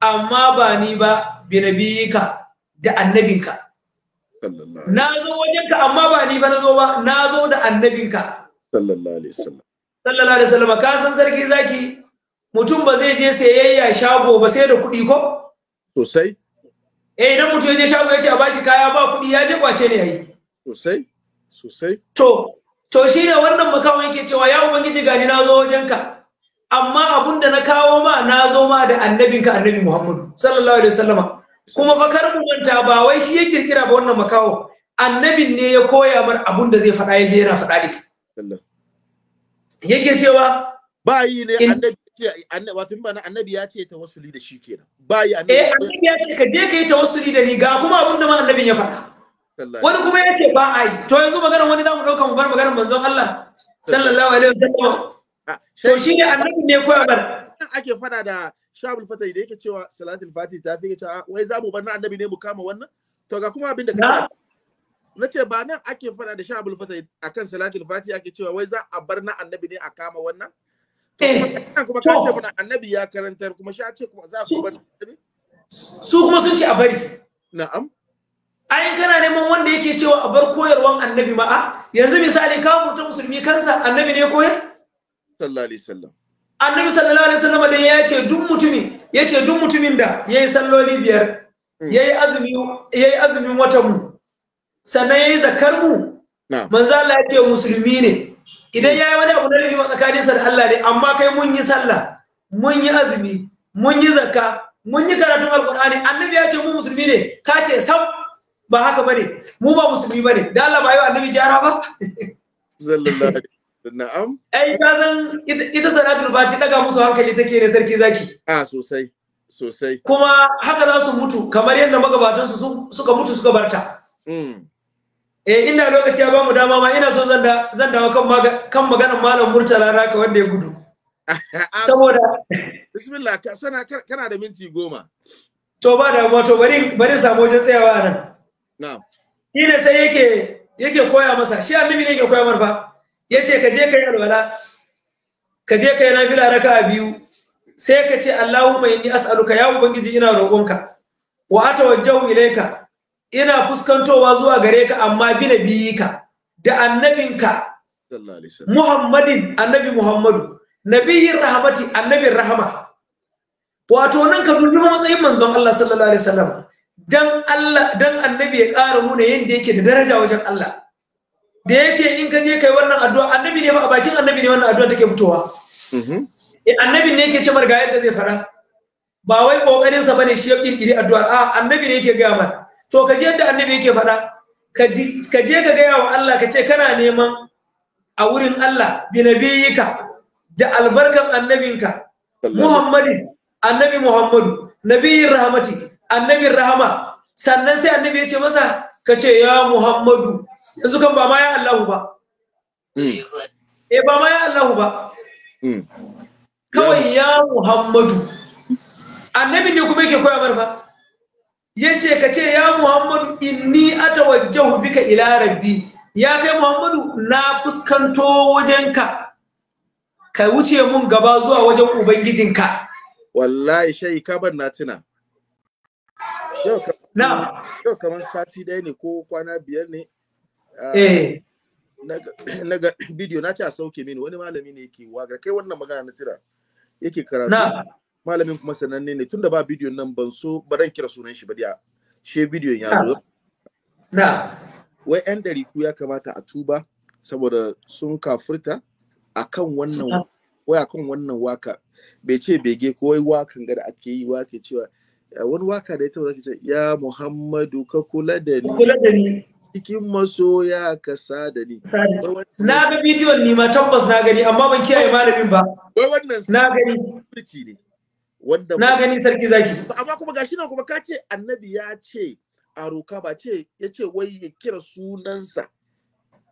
amma ba ni ba bi nabiyika da annabinka na zo wajenka amma ba ni ba na zo ba na zo da annabinka sallallahu alaihi wasallam sallallahu alaihi wasallam ka san sarki zaki mutum ba zai je sayayya shago ba sai da kuɗi ko sosai eh idan mutum ya je shago ya ce a bashi kaya ba kuɗi ya je kwace ne yayi sosai sosai to to shine wannan makawan yake cewa ya ubangiji gani na zo wajenka amma abun da na kawo ma na zo ma da annabinka annabi Muhammadu sallallahu alaihi wasallama kuma fa kar mu manta ba wai shi ya kirkira ba wannan makaho annabin ne ya koya mar abun da zai faɗa ya je yana faɗa ne yake cewa ba yi ne annabi wato ba annabi ya ce ta wasu da shi kenan ba yi annabi eh annabi ya ce ka je ka yi tawassuli da ni ga kuma abun da ma annabin ya faɗa wani kuma ya ce ba ai to yanzu maganar wani zamu dauka mu bar maganar manzon Allah sallallahu alaihi wasallam to shi ne annabi ne koya bar ake fada da shabul fatai da yake cewa salatul fati ta fi cewa wai za mu bar na annabi ne mu kama wannan to ga kuma abin da ka na ce ba nan ake fada da shabul fatai akan salatul fati ake cewa wai za a bar na annabi ne a kama wannan eh kuma ka ce mana annabi ya karantar kuma sha ce kuma za ku bar annabi su kuma sun ce a bari na'am ayin kana neman wanda yake cewa a bar koyarwan annabi ma'a yanzu misali ka furta musulmi kansa annabi ne koyar sallallahu alaihi wasallam annabi sallallahu alaihi wasallam da ya ce duk mutumi ya ce duk mutumin da ya yi salloli biyar hmm. ya yi azumin watan mu sannan ya yi zakar mu manzo Allah ya ce musulmi ne idan ya yi wani abu na tsakanin tsakaninsa da Allah ne amma kai mun yi sallah mun yi azumi mun yi zakka mun yi karatun alqur'ani annabi ya ce mu musulmi ne ka ce sam ba haka bane mu ba musulmi bane da Allah ba yi annabi gyara ba sallallahu alaihi Na'am. Ai ka san ita salatul fati daga musu hankali take ne sarki zaki. A sosai. Sosai. Kuma haka za su mutu kamar yadda magabatansu suka mutu suka barta. Mm. Eh ina lokaci ya bamu dama ma ina so zan da zan dawo kan maga, kan maganar malam Murtala Raka wanda ya gudu. Saboda Bismillah ka sana kana da minti goma. To ba damuwa to bari bari samu wajen tsayawa nan. Na'am. Ina sai yake yake koya masa shi annabi ne yake koya marfa. ya ce ka je ka alwala ka je ka yi nafila raka biyu sai ka ce Allahumma inni as'aluka ya ubangiji ina roƙonka wa atawajjahu ilayka ina fuskantowa zuwa gare ka amma bi ka da annabinka Muhammadin annabi Muhammadu nabiyin rahamati annabin rahama wato nan ka dubi matsayin manzon Allah sallallahu alaihi wasallam dan Allah dan annabi ya ƙara nuna yadda yake da daraja wajen Allah da ya ce in ka je kai wannan addu'a annabi ne a bakin annabi ne wannan addu'a take fitowa mhm. eh, annabi ne yake ce ga yadda zai faɗa ba wai kokarin sa bane shi ya kirkiri addu'a a annabi ne yake gaya mana to kaje je yadda annabi yake faɗa ka je ka gaya wa Allah ka ce kana neman a wurin Allah bi nabiyika da albarkan annabinka Muhammadin annabi Muhammadu nabiyin rahmati annabin Rahma, sannan sai annabi ya ce masa ka ce ya muhammadu yanzu kan ba ma ya allahu ba hmm. eh ba ma ya allahu ba hmm. kawai ya muhammadu annabi ne kuma yake koya marfa ya ce ka ce ya muhammadu inni atawajjahu bika ila rabbi ya kai muhammadu na fuskanto wajenka ka wuce mun gaba zuwa wajen ubangijinka wallahi shai kaban na tuna yau na yau kamar sati ɗaya ne ko kwana biyar ne ah, eh na ga bidiyo na ce a sauke mini wani malami ne yake wagar kai wannan magana na tira yake karatu malamin kuma sananne ne tunda ba bidiyon nan ban so baran kira sunan shi ba dia she bidiyon ya zo na wai yan dari ku ya kamata a tuba saboda sun kafurta akan wannan wai akan wannan waka bai ce bege ko wai wakan ga da ake yi wake cewa Eh, wani waka da ita wanda ki ce ya Muhammadu ka kula da ni kula da ni cikin masoya ka sa da ni na ga bidiyon ni ma tabbas na gani amma ban kiyaye malamin ba wai wannan na gani sarki ne wanda na gani sarki zaki amma kuma gashi nan kuma ka ce annabi ya ce a roka ba ce ya ce wai ya kira sunansa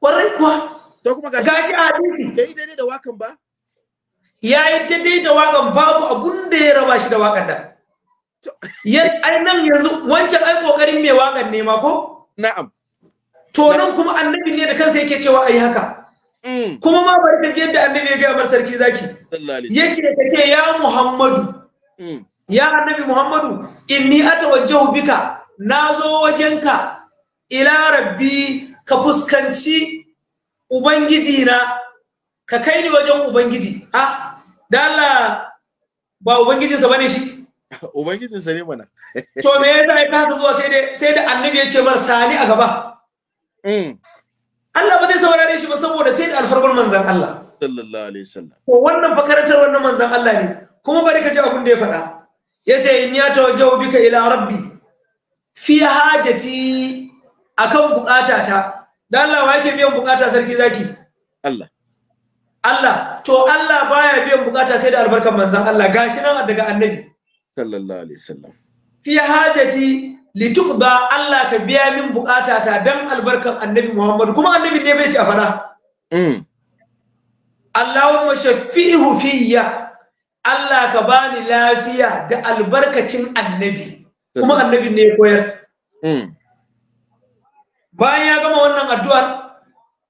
kwarai kuwa to kuma gashi a hadisi yayi daidai da wakan ba yayi daidai da wakan babu abun da ya raba shi da wakan da ai nan yanzu wancan ai kokarin mai wakan ne mako? na'am to nan kuma annabi ne da kansa yake cewa ai haka mm. kuma ma bari ka ji yadda annabi ya ga mar sarki zaki yace ka ce ya muhammadu mm. ya annabi muhammadu inni atawajjahu bika nazo wajenka ila rabbi ka fuskanci ubangiji na ka kai ni wajen ubangiji a da Allah ba ubangijinsa bane shi Ubangijin sa ne mana. To me yasa ya kasa zuwa sai dai sai da annabi ya ce man sani a gaba. Mm. Allah ba zai saurare shi ba saboda sai da alfarmar manzan Allah. Sallallahu alaihi wasallam. To wannan fakarantar wannan manzan Allah ne kuma bari ka ji abin da ya faɗa. Ya ce in ya tawajjahu bika ila rabbi fi hajati akan ta. Dan Allah wa yake biyan bukata sarki zaki? Allah. Allah to Allah baya biyan bukata sai da albarkar manzan Allah gashi nan daga annabi. sallallahu alaihi wasallam fi hajati tuqda Allah ka biya min bukatata dan albarkan annabi Muhammad kuma annabi ne bai ci a fara mm Allahumma shafihu fiyya Allah ka bani lafiya da albarkacin annabi kuma annabi ne koyar mm bayan ya gama wannan addu'ar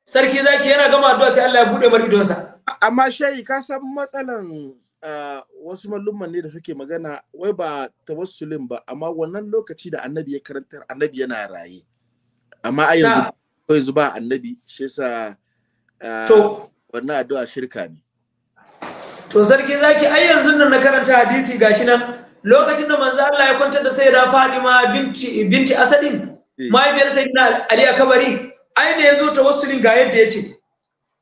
sarki zaki yana gama addu'a sai Allah ya bude barkidonsa amma shehi ka san matsalan wasu mallumman ne da suke magana wai ba tawassulin ba amma wannan lokaci da annabi ya karanta, annabi yana raye amma a yanzu kai zuba annabi shi yasa wannan addu'a shirka ne to sarki zaki ai yanzu nan na karanta hadisi gashi nan lokacin da manzo Allah ya kwantar da sayyida Fadima binti binti Asadin eh. mahaifiyar sayyida Ali a kabari ai ne yazo tawassulin ga yadda yace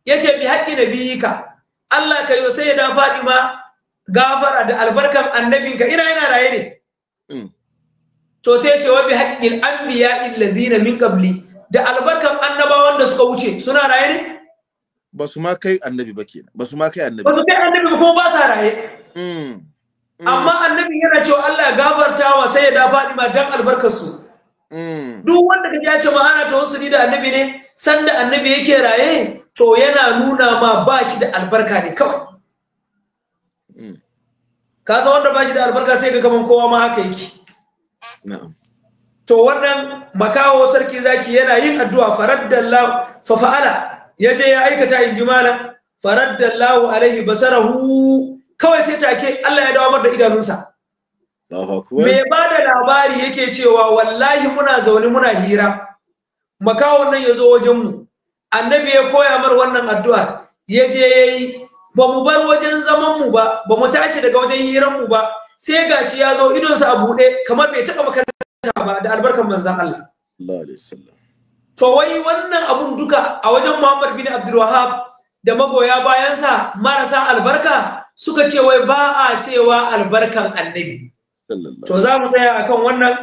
yace bi haƙƙi nabiyika Allah ka yi sayyida Fadima gafara da albarkan annabinka ina yana raye ne mm. to sai ce wa bi haqqil anbiya illazina min qabli da albarkan annabawan da suka wuce suna raye ne ba su ma kai annabi ba kenan ba su ma kai annabi ba su kai annabi kuma ba sa raye mm. Mm. amma annabi yana cewa Allah ya gafarta wa sai ya da Fadima dan albarkar su duk wanda kaje ya ce ma ana ni da annabi ne sanda annabi yake raye to yana nuna ma ba shi da albarka ne kawai ka san wanda bashi shi da albarka sai ga kaman kowa ma haka yake to wannan makawo sarki zaki yana yin addu'a faraddallahu fa fa'ala yaje ya aikata inji malam faraddallahu alaihi basarahu kawai sai take Allah ya dawo da idanunsa me ba da labari yake cewa wallahi muna zaune muna hira makawon nan ya zo mu annabi ya koya mar wannan addu'a yaje je ya yi ba mu bar wajen zaman mu ba ba mu tashi daga wajen hiran mu ba sai gashi ya zo idon sa a buɗe kamar bai taɓa makaranta ba da albarkar manzan Allah to wai wannan abun duka a wajen Muhammad bin Abdul Wahhab da magoya sa marasa albarka suka ce wai ba a cewa albarkan annabi to za mu tsaya akan wannan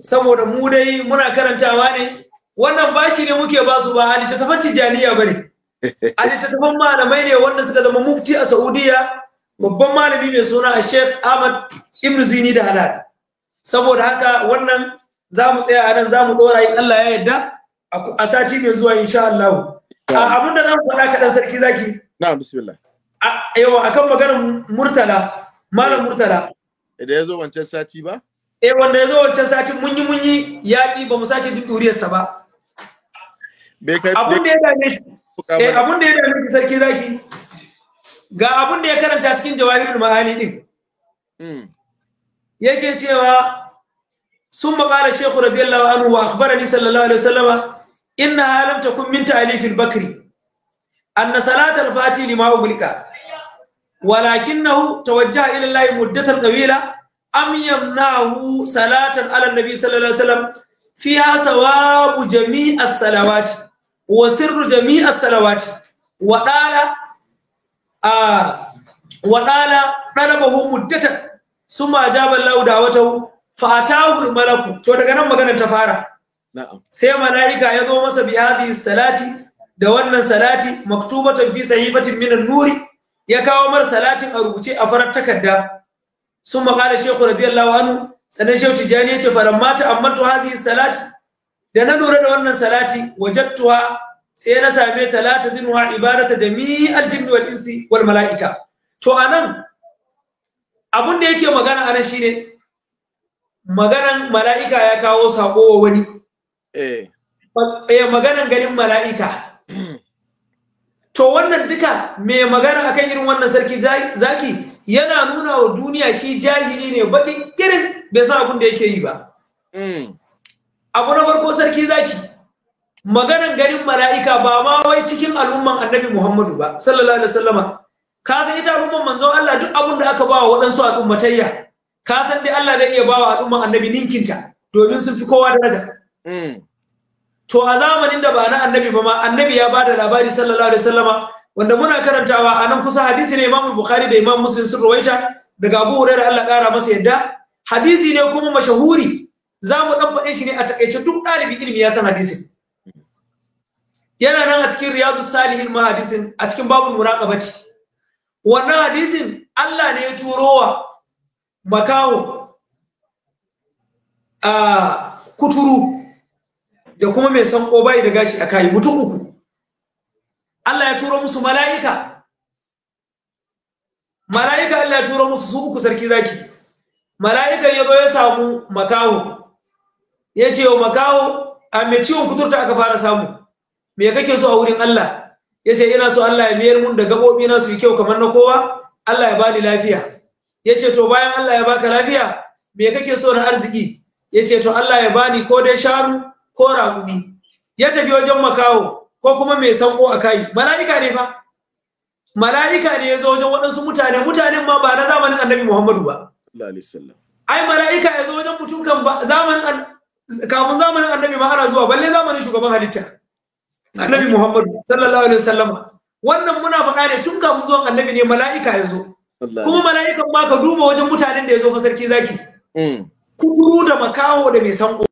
saboda mu dai muna karantawa ne wannan bashi ne muke basu ba hali ta tafancin janiya bane a littattafan malamai ne wanda suka zama mufti a saudiya babban malami mai suna a sheikh ahmad ibn zini da halal saboda haka wannan za mu tsaya a nan za mu ɗora in allah ya yadda, a sati mai zuwa insha allah abin da za mu faɗa kaɗan sarki zaki na bismillah yawa akan maganar murtala malam murtala da ya zo wancan sati ba eh wanda ya zo wancan sati mun yi mun yi yaƙi ba mu sake jin duriyarsa ba abin da ya dame shi Eh abun da ya dame ki zaki ga abun da ya karanta cikin jawabin ma'ani din. Hmm. Yake cewa sun maƙala Sheikhu radiyallahu anhu wa akhbarani sallallahu alaihi wasallama inna halam takun min ta'lifil bakri annasalatar Fati الفاتي لما أغلق ولكنه توجه إلى الله مدة طويلة أم يمنعه صلاة على النبي صلى الله عليه وسلم فيها ثواب wa sirru jami'a salawati wa dala a wa dala dalabahu muddatan summa ajaba Allahu da'watahu fa atahu malaku to daga nan maganar ta fara sai malaika ya zo masa bi hadhihi salati da wannan salati maktubatan fi sahifatin minan nuri ya kawo mara salatin a rubuce a farar takarda summa qala shaykhu radiyallahu anhu sanan shaykhu tijani ya ce faramma ta ammatu hadhihi salati da na lura da wannan salati wajattuha sai na same ta la tazinuha ibadata jami'al jinni wal insi wal mala'ika to anan abun da yake magana anan shine maganan mala'ika ya kawo sako wa wani eh, eh maganan ganin mala'ika to wannan duka me magana akan irin wannan sarki zaki yana nuna wa duniya shi jahili ne baɗin kirin bai san abun da yake yi ba mm. abu na farko sarki zaki maganan garin mala'ika ba ma wai cikin al'umman annabi muhammadu ba sallallahu alaihi wasallama ka san ita al'umman manzon Allah duk abun da aka ba wa waɗansu al'ummatayya ka san dai Allah zai iya ba wa al'umman annabi ninkinta domin sun fi kowa daraja hmm. to a zamanin da ba na annabi ba ma annabi ya ba da labari sallallahu alaihi wasallama wanda muna karantawa a nan kusa hadisi ne imamu bukhari da imam muslim sun rawaita daga abu hurairah Allah kara masa yadda hadisi ne kuma mashahuri za mu dan faɗe shi ne a takaice duk ɗalibi ilimi ya san hadisin yana nan a cikin riyadu salihin ma hadisin a cikin babul muraqabati wannan hadisin Allah ne ya turo wa makaho a kuturu da kuma mai san bai da gashi a kai mutum uku Allah ya turo musu mala'ika mala'ika Allah ya turo musu su uku sarki zaki Mala'ika ya zo ya samu makaho ya ce wa makawo a mai ciwon kuturta aka fara samu me kake so a wurin Allah ya ce ina so Allah ya mayar mun da gaɓoɓi na su yi kyau kamar na kowa Allah ya bani lafiya ya ce to bayan Allah ya baka lafiya me kake so na arziki ya ce to Allah ya bani ko dai shanu ko raƙumi ya tafi wajen makawo ko kuma mai sanko a kai mala'ika ne fa mala'ika ne ya zo wajen waɗansu mutane mutanen ma ba na zamanin annabi muhammadu ba ai mala'ika ya zo wajen mutum kan zamanin kafin zamanin annabi ma ana zuwa balle zamanin shugaban halitta annabi muhammadu sallallahu alaihi wasallam wannan muna faɗa ne tun kafin zuwan annabi ne mala'ika ya zo kuma mala'ikan ma ka duba wajen mutanen da ya zo fa sarki zaki hmm. kuturu da makaho da mai sanko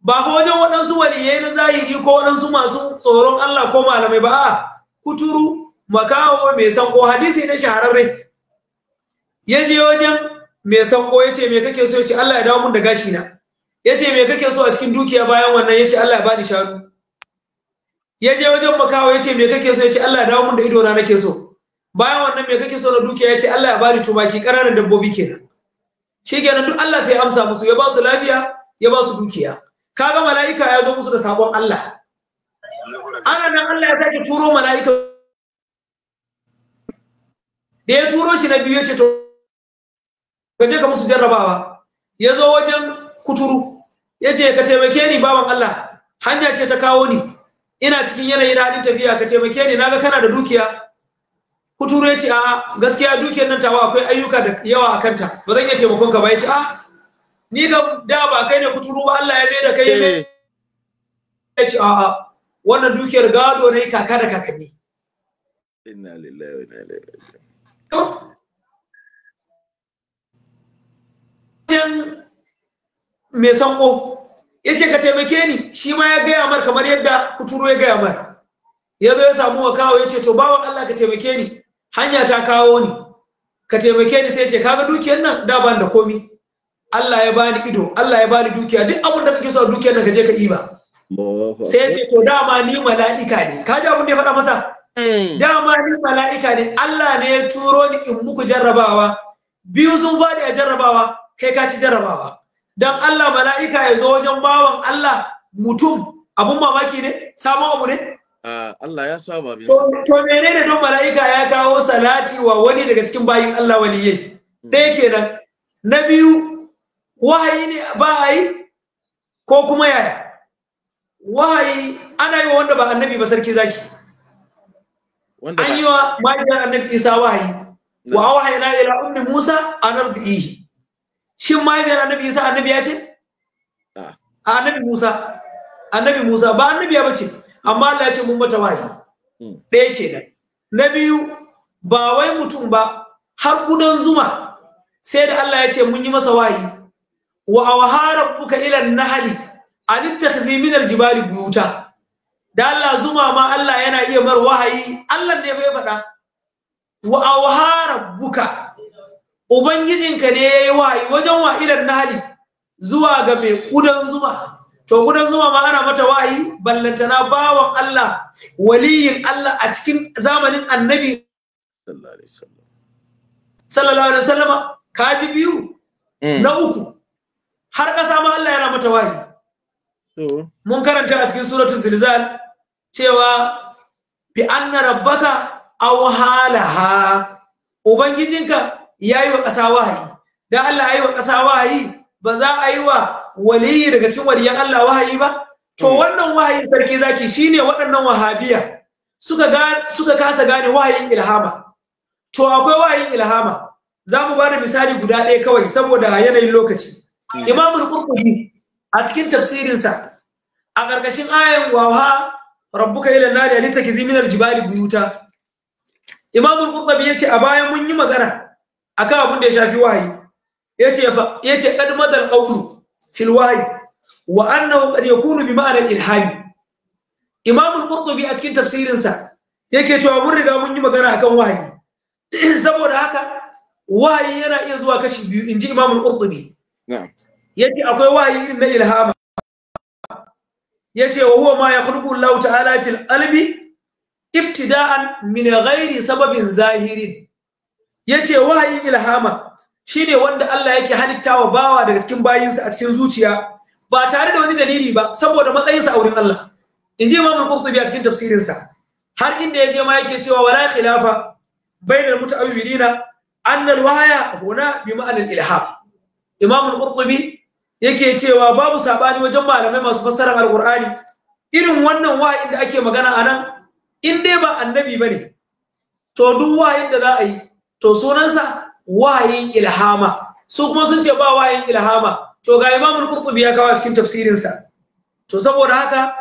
ba fa wajen waɗansu waliyai na zahiri ko waɗansu masu tsoron Allah ko malamai ba a kuturu makaho mai sanko hadisi na shahararre ya je wajen mai sanko ya ce me kake so ya ce Allah ya dawo mun da gashi na ya ce me kake so a cikin dukiya bayan wannan ya ce Allah ya bani shanu ya je wajen makawa ya ce me kake so ya ce Allah ya dawo mun da ido na nake so bayan wannan me kake so na dukiya ya ce Allah ya bani tumaki ƙananan dabbobi kenan shikenan duk Allah sai ya amsa musu ya ba su lafiya ya ba su dukiya kaga mala'ika ya zo musu da sabon Allah ana nan Allah ya sake turo mala'ika da ya turo shi na biyu ya ce to je ka musu jarrabawa ya zo wajen kuturu ya ce ka taimake ni baban Allah hanya ce ta kawo ni ina cikin yanayi na halin tafiya ka taimake ni naga kana da dukiya kuturu ya ce a gaskiya dukiyar nan tawa akwai ayyuka da yawa a kanta ba zan iya taimakon ka ba ya ce a ni ga da ba kai ne kuturu ba Allah ya mai da kai ya ya ce a wannan dukiyar gado ne kaka da kakanni inna lillahi wa inna ilaihi raji'un mai sanko ya ce ka taimake ni shi ma ya gaya mar kamar yadda kuturo ya gaya mar ya zo ya samu wa kawo ya ce to bawan Allah ka taimake ni hanya ta kawo ni ka taimake ni sai ya ce kaga dukiyar nan da ban da komi Allah ya bani ido Allah ya bani dukiya duk abin da kake so dukiyar nan ka je ka diba sai ya ce to dama ni mala'ika ne ka ji abin da ya faɗa masa hmm. dama ni mala'ika ne Allah ne ya turo ni in muku jarrabawa biyu sun faɗi a jarrabawa kai ka ci jarrabawa dan Allah mala'ika ya zo wajen bawan Allah mutum abun mamaki ne sabon abu ne Allah ya saba bin to menene don mala'ika ya kawo salati wa wani daga cikin bayin Allah da hmm. yake kenan na biyu wahayi ne ba a yi ko kuma yaya wahayi ana yi wanda ba annabi ba sarki zaki an yi wa annabi isa wahayi wa na ila ummi musa an arbihi shin mahaifiyar annabi isa annabi ya ce annabi musa annabi musa ba annabi ya bace amma Allah ya ce mun mata wahayi hmm. ɗaya kenan na biyu ba wai mutum ba har gudan zuma sai da Allah ya ce mun yi masa wahayi wa buka rabbuka ila nahli an ittakhzi min aljibali buyuta da Allah zuma ma Allah yana iya mara wahayi Allah ne bai faɗa wa awha buka. ubangijinka ne ya yi wahayi wajen wa'ilan nahali zuwa ga mai kudan zuma to kudan zuma ma ana mata wahayi ballantana bawan Allah waliyin Allah a cikin zamanin annabi sallallahu alaihi wasallama kaji biyu mm. na uku har ƙasa ma Allah yana mata wahayi mun karanta a cikin suratul zilzal cewa bi anna rabbaka aw halaha ubangijinka ya yi wa ƙasa wahayi dan Allah ya yi wa ƙasa wahayi ba za a yi wa waliyi daga cikin waliyan Allah wahayi ba to hmm. wannan wahayin sarki zaki shine waɗannan wahabiya suka ga suka kasa gane wahayin ilhama to akwai wahayin ilhama za mu bada misali guda ɗaya kawai saboda yanayin lokaci hmm. al qurtubi a cikin tafsirinsa a ƙarƙashin ayan wawa rabbuka ila nari litakzi min Jibali, buyuta al qurtubi yace a bayan mun yi magana akan abin da ya shafi wahayi yace ce qad madal qawlu fil wahayi wa annahu qad yakunu bi ma'ana ilhami imam al-qurtubi a cikin tafsirinsa yake cewa mun riga mun yi magana akan wahayi saboda haka wahayi yana iya zuwa kashi biyu inji imam al-qurtubi yace akwai wahayi irin na ilhama yace wa huwa ma yakhluqu Allah ta'ala fil qalbi ibtida'an min ghairi sababin zahirin yace wahayin ilhama shine wanda Allah yake wa bawa daga cikin bayinsa a cikin zuciya ba tare da wani dalili ba saboda matsayinsa a wurin Allah in Imam Qurtubi a cikin tafsirinsa har inda yaje ma yake cewa wala khilafa bainal muta'awwilina anna alwahaya huna bi ma'anin al-ilham Imam Qurtubi yake cewa babu sabani wajen malamai masu fassarar al irin wannan wahayin da ake magana anan in dai ba annabi bane to duk wahayin da za a yi to sunansa wahayin ilhama su kuma sun ce ba wahayin ilhama to ga al qurtubi ya kawo cikin tafsirinsa to saboda haka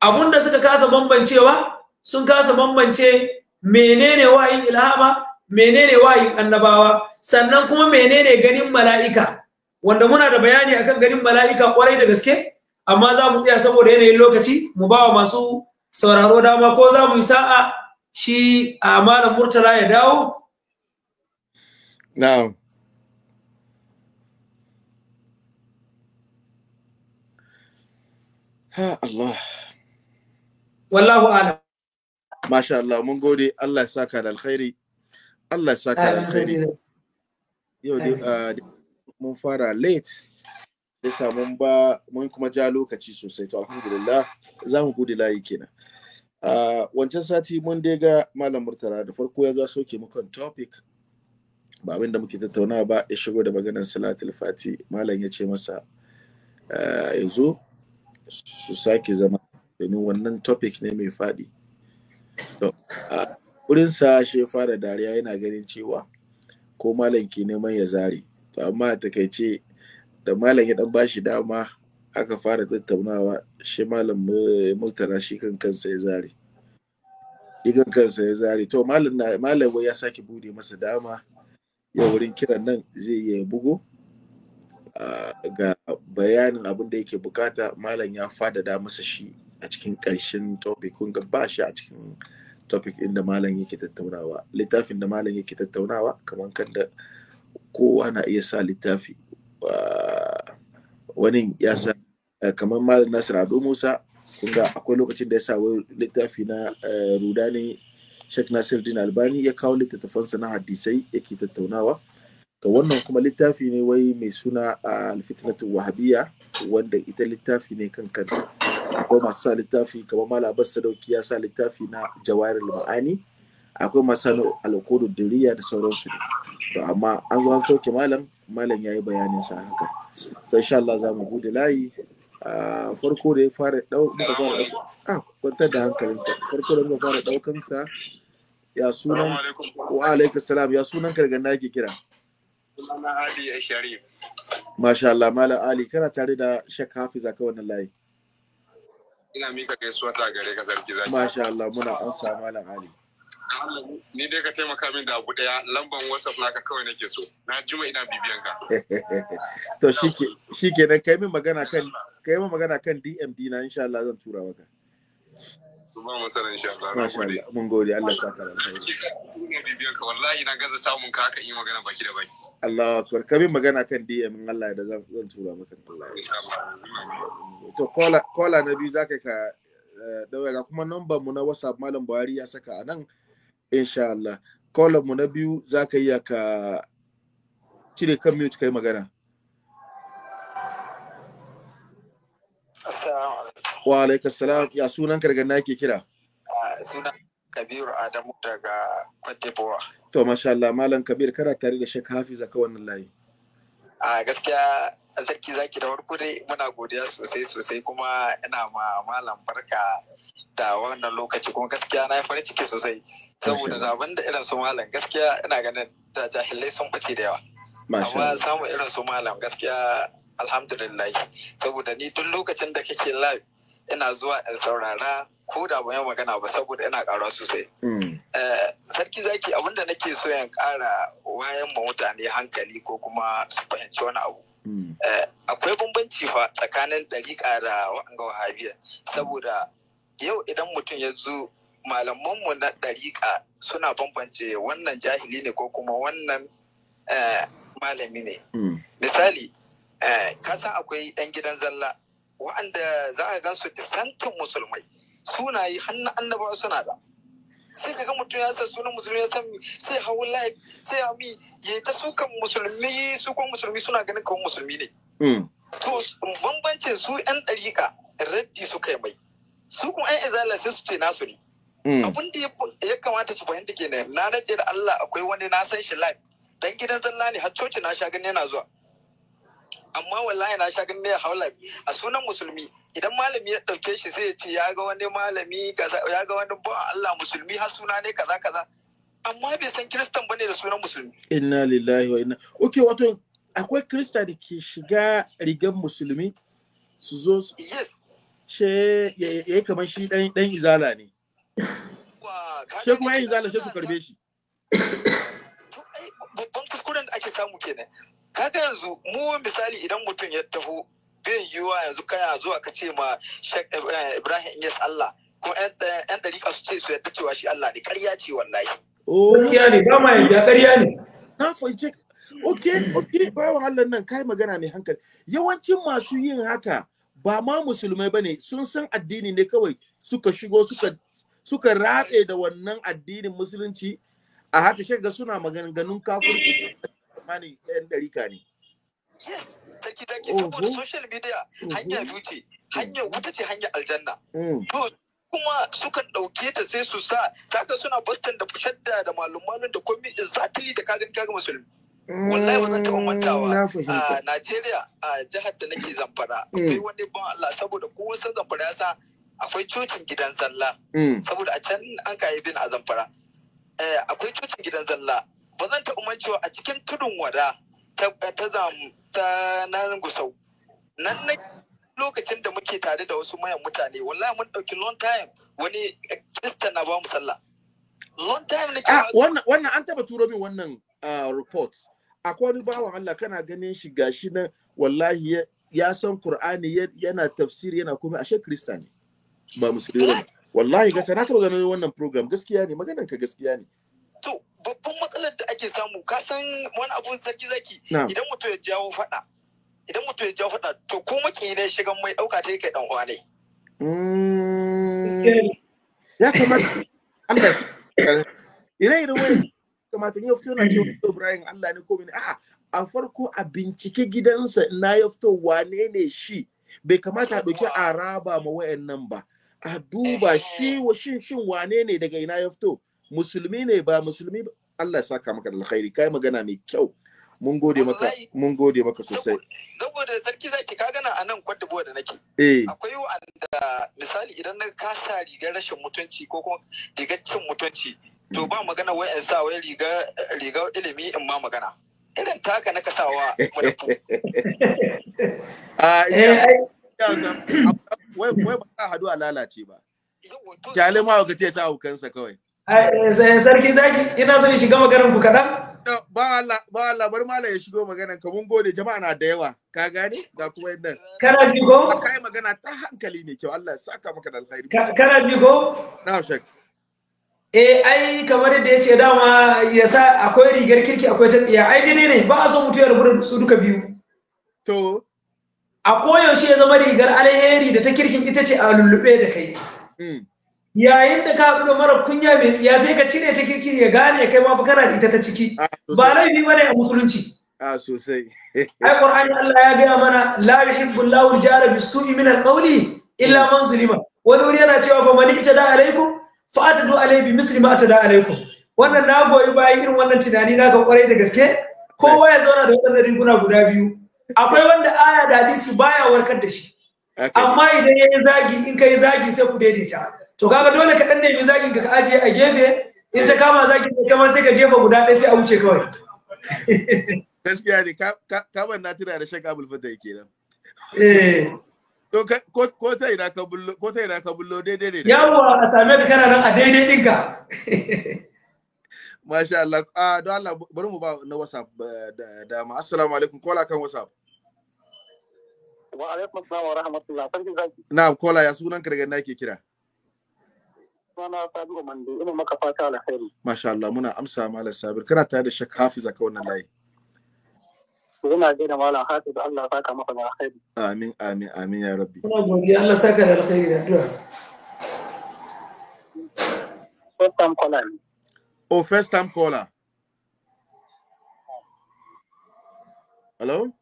abunda suka kasa bambancewa sun kasa bambance menene wayin ilhama menene wayin annabawa sannan kuma menene ganin mala'ika wanda muna da bayani akan ganin mala'ika kwarai da gaske amma za mu tsaya saboda yanayin lokaci mu ba wa masu sauraro dama ko za mu yi sa'a shi a malam murtala ya dawo Now, ha Allah. Wallahu alam. Masha Allah, mun gode Allah ya saka da alkhairi. Allah ya saka da alkhairi. Yau ah, dai mun fara late. Da mun ba mun kuma ja lokaci sosai to alhamdulillah za mu gode layi kenan. Uh, wancan sati mun dai ga malam murtala da farko ya za soke mu kan topic ba abin da muke tattaunawa ba ya shigo da maganar salatul fati malam ya ce masa ah, ya zo su sake zama domin wannan topic ne mai faɗi sa shi ya fara dariya yana ganin cewa ko malam ke neman ya zare to amma a takaice da malam ya dan bashi dama aka fara tattaunawa shi malam murtala shi kan kansa ya zare shi kan kansa ya zare to malam ya sake bude masa dama ya wurin kiran nan zai iya bugo ga bayanin abin da yake bukata malam ya fadada masa shi a cikin ƙarshen topic kun ga ba shi a cikin topic ɗin da malam yake tattaunawa littafin da malam yake tattaunawa kamar da kowa na iya sa littafi wani ya sa kamar malam nasir ado musa kun ga akwai lokacin da ya sa littafi na eh, rudani Sheikh Nasiruddin Albani ya kawo littattafansa na hadisai yake tattaunawa ga wannan kuma littafi ne wai mai suna Al-Fitnatu wahabiyya wanda ita littafi ne kan kan akwai masu sa littafi kamar malam abbas sadauki ya sa littafi na Jawahirul ma'ani akwai masu sa Al-Qudu diriya da sauransu ne to amma an zo an sauke malam malam yayi yi bayanin sa haka to insha Allah za mu bude layi farko da ya fara da hankalinka farko da ya fara ɗaukanka ya sunan wa alaikum salam ya sunan kargan da kira sunana ali sharif masha Allah malam ali kana tare da shek hafiza ka wannan layi ina mika gaisuwa ta gare ka sarki zaki masha Allah muna amsa malam ali ni dai ka taimaka min da abu daya lamban whatsapp naka kawai nake so na juma ina bibiyan ka to shike shikenan kai min magana kan kai min magana kan DMD na insha Allah zan tura maka su ba masar insha Allah masha Allah mun gode Allah sa ka alkhairi ina bibiyar ka wallahi na gaza samun ka haka yi magana baki da baki Allah akbar ka bin magana kan DM in Allah da zan zan tura maka Allah to kola kola na biyu zaka ka daura eh, kuma number mu na WhatsApp malam Buhari ya saka anan insha Allah kola mu na biyu zaka iya ka cire kan mute kai magana Wa salam ya sunan kargan na ke kira? Ah, sunan Kabiru Adamu daga Kwatebowa. To, masha Allah, Malam Kabir, kana tare da Sheikh hafiza ka wannan layi. A ah, gaskiya a sarki zaki da farko dai muna godiya sosai sosai kuma ina ma malam barka da wannan lokaci kuma gaskiya na yi farin ciki sosai saboda da banda da irin su malam gaskiya ina ganin da jahilai sun bace da yawa. Amma samun irin su malam gaskiya alhamdulillah saboda ni duk lokacin da kake live ina zuwa in saurara ko da ban magana ba saboda ina ƙara sosai. Hmm. Eh, sarki zaki abinda nake so yan ƙara wayan ma mutane hankali ko kuma su fahimci wani abu. Hmm. Eh, akwai bambanci fa tsakanin dariƙa da wa'anga wahabiya saboda yau idan mutum ya zo malamanmu na ɗariƙa suna bambance wannan jahili ne ko kuma wannan eh, malami ne. Hmm. Misali Eh, kasa akwai ɗan gidan zalla wa'anda za a gansu disantin musulmai sunaye hannun annabawa suna da sai ka ga mutum ya san sunan musulmi ya san sai hawo Life, sai ami ya ta sukan musulmi su kuma musulmi suna ganin kawai musulmi ne hmm. to bambancin su yan ɗariƙa raddi su kai mai su kuma yan izala sai su ce nasu ne hmm. abin da ya kamata su fahimta kenan na rage da Allah akwai wani na san shi live dan gidan zalla ne har coci na sha gani yana zuwa amma wallahi na sha ganin ya haula a sunan musulmi idan malami ya dauke shi sai ya ce ya ga wani malami ya ga wani ba Allah musulmi har suna ne kaza kaza amma bai san kristan bane da sunan musulmi inna lillahi wa inna okay wato akwai krista da ke shiga rigan musulmi su zo yes she ya kamar shi dan dan izala ne she kuma yan izala she su karbe shi babban kuskuren da ake samu kenan kaga yanzu mu misali idan mutum ya taho bai yiwuwa yanzu kana zuwa ka ce ma eh, Ibrahim yes Allah kuma yan dariƙa su ce su yadda cewa shi Allah ne ƙarya ce wallahi. Ƙarya ne ba ma yadda ƙarya ne. Na fahimce ok ok bawan Allah nan kai magana mai hankali yawancin masu yin haka ba ma musulmai bane sun san addini ne kawai suka shigo suka suka rabe da wannan addinin musulunci a haka shiga suna maganganun kafirci tsammani ɗan ɗarika ne yes sarki zaki saboda social media hanya zuce hanya wuta ce hanya mm. aljanna mm. to kuma sukan ɗauke ta sai su sa saka suna bastan da fushar da da malum da komi exactly da kagan kaga musulmi mm, wallahi ba zan taɓa mantawa a Najeriya a jihar da nake zamfara akwai wani ban Allah saboda ko san zamfara ya sa akwai cocin gidan zalla saboda a can an kayi bin a zamfara eh, akwai cocin gidan zalla ba zan taɓa cewa a cikin tudun wada ta zamu ta nan gusau nan na lokacin da muke tare da wasu mayan mutane wallahi mun ɗauki long time wani kristan na ba mu sallah long time ne ah, wannan wannan an taba turo min wannan ah, report akwai wani bawan Allah kana ganin shi gashi nan wallahi ya san Qur'ani yana tafsiri yana kuma ashe Kirista ne ba musulmi wallahi gasa na taba ganin wannan program gaskiya ne maganar ka gaskiya ne to babban ake samu kasan wani abun sarki zaki idan mutum ya jawo faɗa idan mutum ya jawo fada to ko maki ne shigan mai ɗauka ta kai ɗan uwa ne. Mm. ya kamata Allah ire-iren wani kamata ya fito na cewa Ibrahim Allah ne ko mene a'a a farko a bincike gidansa na ya fito wane ne shi bai kamata a ɗauki a raba ma wayannan ba a duba shi wa shin shin wane ne daga ina ya fito musulmi ne ba musulmi ba Allah ya saka maka da alkhairi kai magana mai kyau mun gode maka mun gode maka sosai saboda sarki zaki ka gana a nan buwa da nake eh. akwai wanda misali idan na kasa rigar rashin mutunci ko kuma rigar cin mutunci to ba magana wai in sa wai riga riga ilimi in ma magana irin taka na kasawa madafu ah, a eh, wai ba ka hadu a lalace ba Jalima ka ce ta hukansa kawai. Eh, sarki zaki ina so in shiga maganar ku kaɗan. Ba Allah ba Allah mala ya shigo maganar ka mun gode jama'a na da yawa ka ga kuma yadda. Kana ji ko? Kai magana ta hankali ne kyau Allah ya saka maka da alkhairi. Kana ji ko? Na Eh ai kamar yadda ya ce dama ya sa akwai rigar kirki akwai ta tsiya ai dai ne ba a son mutu ya rubuta su duka biyu. To. A koyaushe ya zama rigar alheri da ta kirkin ita ce a lullube da kai. Hmm. yayin da ka haɗu mara kunya mai tsiya sai ka cire ta kirkiri ya gane ya kai ma kana da ita ta ciki ah, ba laifi bane a musulunci a ah, sosai ai qur'ani Allah ya gaya mana la yuhibbu Allahu al-jara bis-su'i min al illa man zulima wani wuri yana cewa fa man ittada alaikum fa atadu alai bi misli ma atada alaikum wannan na goyi bayan irin wannan tunani naka kwarai da gaske kowa ya zauna da wannan riguna guda biyu akwai wanda aya da hadisi baya warkar da shi amma idan yayi zagi in kai zagi sai ku daidaita to kaga dole ka dan nemi zagin ka ajiye a gefe in ta kama zakin ka kamar sai ka jefa guda ɗaya sai a wuce kawai gaskiya ne kaban na tira da shek abul yake nan eh to ko ta ina ka bullo ko ta ina ka bullo daidai ne yawa a same ka kana nan a daidai ɗinka Masha Allah. Ah, don Allah bari mu ba na WhatsApp da ma. Assalamu alaikum. Kola kan WhatsApp. Wa alaikum assalam wa rahmatullah. sanki zaki. Na'am, kola ya sunan ka daga ina ke kira? ما شاء الله منا أمسى مال السابر كنا تاعد الشك حافظة كونا لاي وانا جينا مالا حافظ الله ساكا مقنا الخير آمين آمين آمين يا ربي الله ساكا الخير First time caller Oh first time caller Hello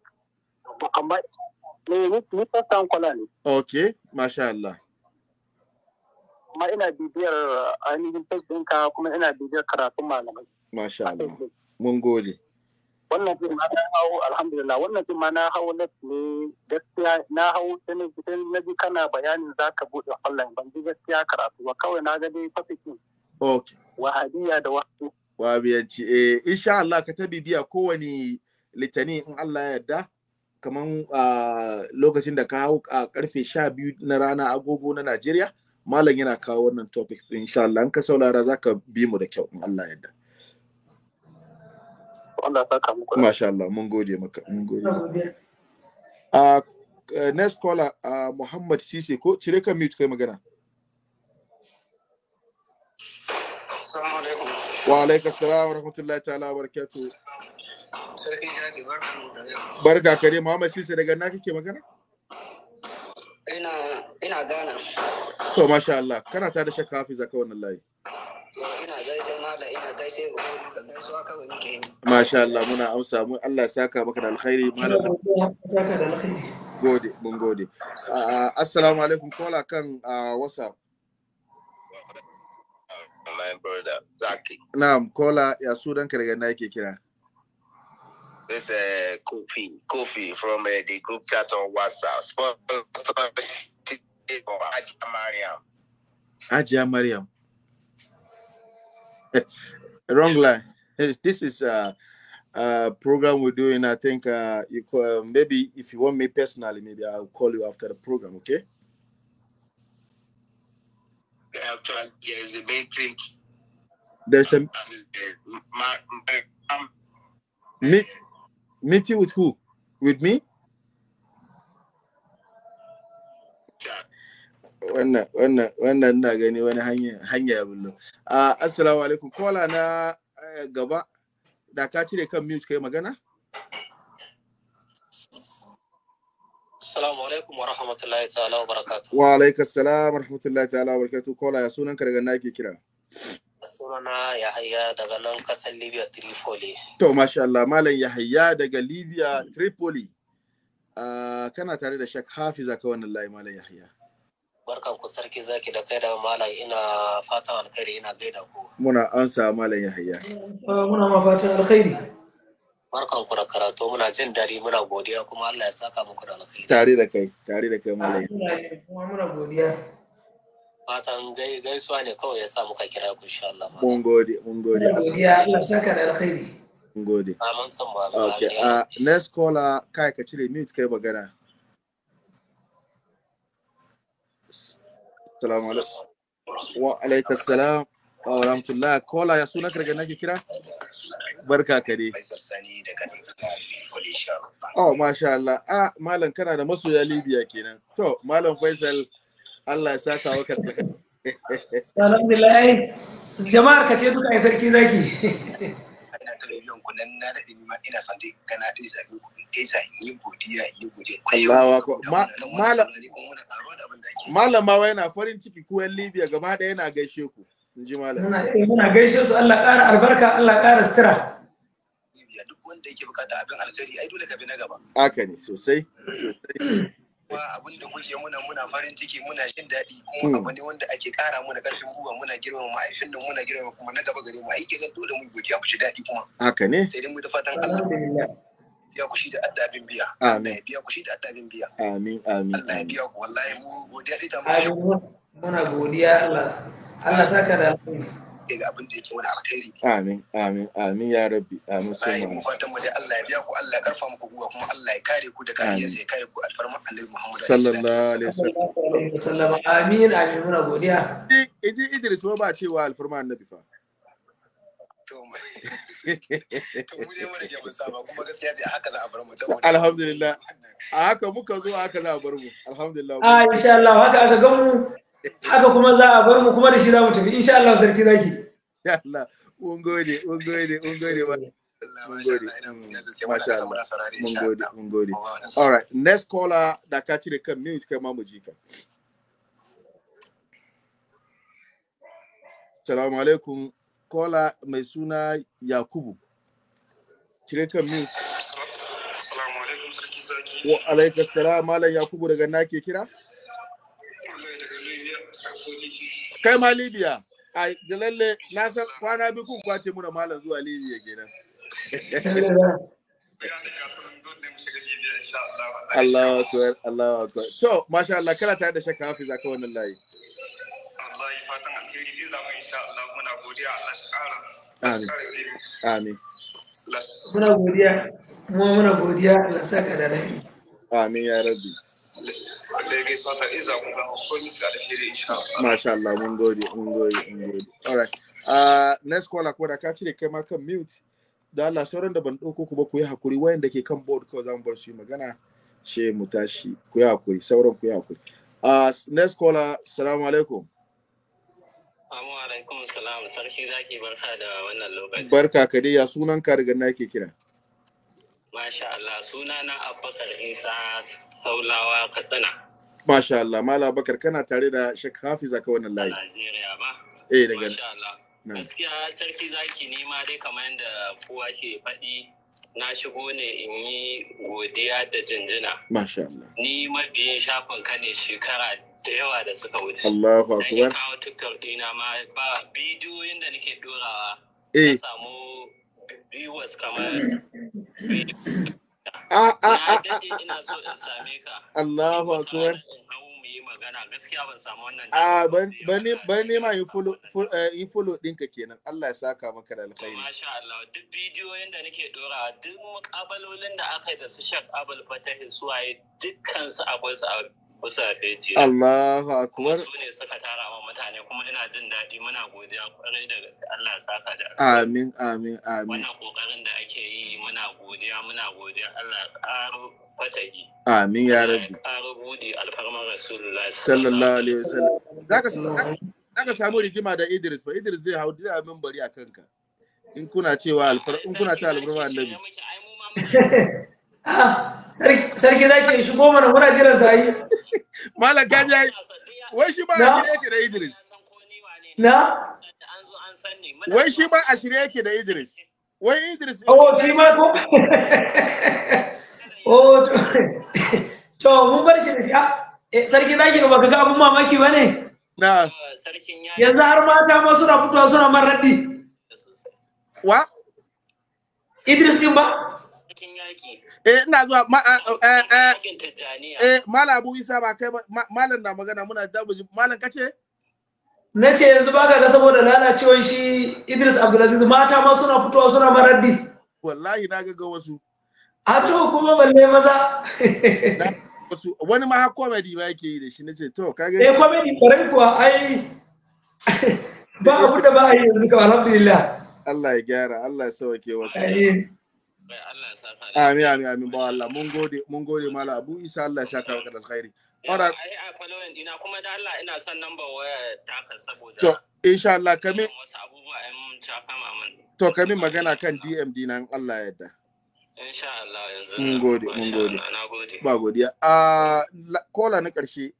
Okay ما شاء الله kuma ina bibiyar uh, ainihin ɗinka kuma ina bibiyar karatun malamai. Masha Allah. Mun gode. Wannan fim ma na hau alhamdulillah wannan fim ma na hau net ne gaskiya na hau sai na ji kana bayanin za ka buɗe online ban ji gaskiya karatu ba kawai na ga dai fafikin. Ok. Wahabiya da wasu. Wahabiyanci eh insha Allah ka ta bibiya kowane litani in Allah ya yarda. Kaman uh, lokacin da ka hau a uh, karfe sha biyu na rana agogo na Najeriya. malam yana kawo wannan topic, din insha Allah in ka saurara zaka bi mu da kyau in Allah yarda masha Allah mun gode maka mun gode maka a next caller uh, Muhammad Sisi ko cire ka mute kai magana alaikum wa alaikum assalam wa rahmatullahi ta'ala wa barakatuh barka da kare Muhammad Sisi daga na kake magana ina ina gana To masha Allah, kana ta da shakka hafiza ka wannan layi. ina gaishe mala ina gaishe ka gaisuwa kawai ke ni. Masha Allah muna amsa mu Allah ya saka maka da alkhairi malam. Saka da alkhairi. Gode, mun gode. Assalamu alaikum kola kan WhatsApp. Na'am, kola ya sudan ka daga na yake kira. This is uh, Kofi, Kofi from uh, the group chat on WhatsApp. ko Hajiya Mariam. Hajiya Mariam. Wrong line. This is a, a, program we're doing. I think uh, you call, um, maybe if you want me personally, maybe I'll call you after the program. Okay. there is a meeting. There's a uh, um, meeting with who? With me? wannan wannan wannan na gani wani hanya hanya ya bullo uh, assalamu alaikum kola na eh, gaba da ka cire kan mute kai magana Assalamu alaikum wa rahmatullahi ta'ala wa barakatuh. Wa alaikum assalam wa rahmatullahi ta'ala wa barakatuh. Kola ya sunan daga na ke kira. Sunana Yahaya daga nan kasar Libya Tripoli. To masha Allah malam Yahaya daga Libya Tripoli. Ah, kana tare da Sheikh Hafiza ka wannan layi malam Yahaya. barkan ku sarki zaki da kai da malam ina fatan alkhairi ina gaida ku muna ansa malam yahaya muna ma fatan alkhairi barkan ku da karatu muna jin daɗi muna godiya kuma Allah ya saka muku da alkhairi tare da kai tare da kai malam kuma muna godiya fatan gai gaisuwa ne kawai ya sa muka kira ku insha Allah mun gode mun gode godiya Allah saka da alkhairi mun gode amin san malam okay uh, next caller kai ka cire mute kai magana Assalamu alaikum. Wa alaikum salam. Wa rahmatullah. Kola ya suna karga nake kira? Barka ka dai. Oh, masha Allah. Ah, malam kana da masoya Libya kenan. To, malam Faisal Allah ya saka wa kanka. Alhamdulillah. Jama'ar ka ce duka ai sarki zaki. ku nan na daɗe ma ina son dai gana dai sami ku in gaisa in yi godiya in yi godiya kwayo malam ma yana farin ciki ko yan libya gaba ɗaya yana gaishe ku in ji malam muna eh, gaishe su Allah ƙara albarka Allah ƙara sutura duk wanda yake bukata abin alkhairi ai dole ka bi na gaba haka ne sosai sosai kuma abin da kuke muna muna farin ciki muna jin daɗi kuma hmm. abu ne wanda ake ƙara muna ƙarfin gwiwa muna girma mahaifin da muna girma kuma na gaba gare mu aiki ga dole mu godiya ku ji daɗi kuma haka ne sai dai mu ta fatan Allah biya ku shi da addabin biya amin ya biya ku shi da addabin biya amin amin Allah ya biya ku wallahi mu godiya da ta mu muna godiya Allah Allah saka da alheri kai ga abin da yake wani alkhairi amin amin amin ya rabbi amin sai mu fata mu dai Allah ya biya ku Allah ya karfa muku guwa kuma Allah ya kare ku da kariya sai kare ku alfarma Annabi Muhammad sallallahu alaihi wasallam amin amin muna godiya idi Idris ba ba cewa alfarma Annabi fa alhamdulillah a haka muka zo a haka za a bar mu alhamdulillah a ah, insha Allah haka aka gamu haka kuma za a bar mu kuma da shi za mu tafi insha Allah sarki zaki insha Allah mun gode mun gode mun gode mun gode masha Allah mun gode mun gode all right next caller da ka cire kan mute kai ma mu ji ka Assalamu alaikum caller mai suna Yakubu cire kan mute Wa alaikassalam Malam Yakubu daga nake kira? kai ma libya a da lalle na san kwana bi ku kwace mu da malam zuwa libya kenan Allah akbar Allah akbar to masha Allah kala ta da shakka hafi zaka wannan layi Allah ya fatan alheri din zamu insha Allah muna godiya Allah shi kara amin amin muna godiya mu muna godiya Allah saka da rabi amin ya rabbi da masha Allah mun gode mun gode mun gode all uh, next caller ko da ka cire kai ma kan mute da Allah sauran da ban ɗauko ku ba ku yi hakuri wayanda ke kan board kawai zan bar su magana she mu tashi ku yi hakuri sauran ku yi hakuri uh, next caller assalamu alaikum Amu alaikum salam sarki zaki barka da wannan lokaci barka ka dai ya sunan ka daga na ke kira Masha Allah sunana Abubakar Isa Saulawa Katsina. Masha Allah Mala Abubakar kana tare da Sheikh Hafiz a wannan layi. Najeriya ba. Eh daga Masha Allah. Gaskiya sarki zaki ne ma dai kamar yadda kowa ke faɗi na shigo ne in yi godiya da jinjina. Masha Allah. Ni mabiyin shafin ka ne shekara da yawa da suka wuce. Allahu akbar. Dan kawo tukkar dina ma ba bidiyoyin da nake dorawa. Eh. Na samu viewers kamar a a a ina so in same ka Allahu akbar A ah, ban nema yi eh, follow ɗinka kenan Allah ya saka maka da alkhairi. Masha Allah duk bidiyoyin da nake ɗorawa, duk mukabalolin da aka yi da su Shek Abul Fatahi suwaye dukkan su akwai su kusa feji Allahu akbar su ne suka tara wa mutane kuma ina jin daɗi muna godiya kwarai da gaske Allah ya saka da amin amin amin wannan kokarin da ake yi muna godiya muna godiya Allah ya ƙaro fatahi amin ya rabbi ƙaro budi alfarmar Rasulullah sallallahu alaihi wasallam Za ka samu rigima da Idris fa Idris zai hau da min bari a kanka in kuna cewa alfar in kuna cewa alfarmar annabi sarki za ki shigo mana muna jiran sayi malam ka ji wai shi ba a shirye yake da idris na wai shi ba a shirye yake da idris wai idris oh shi ma ko oh to mun bar shi da shi ah, eh, sarki za ki ba ka ga abun mamaki ba ne na yanzu har mata ma suna fitowa suna man wa idris din ba eh ina zuwa eh, eh, eh, eh malam abu isa ba kai malam na magana muna dabuji malam kace na ce yanzu baka ga saboda lalacewan shi idris abdulaziz mata ma suna fitowa suna maraddi wallahi na ga wasu a to kuma balle maza wani ma har comedy ba yake yi da shi nace to kage eh comedy kuwa ai ba abu da ba a yi yanzu ka alhamdulillah Allah ya gyara Allah ya sauke wasu Allah Amin amin amin ba Allah mun gode mun gode mala Abu Isa Allah ya saka maka alkhairi. Ora ai a following dina kuma da Allah ina son number waya ta taka saboda To insha Allah kame wasu abubuwa ai fama mun To kame magana kan DM dina in Allah ya yarda. Insha Allah yanzu. Mun gode mun gode. Ba godiya. Ah kola na karshe.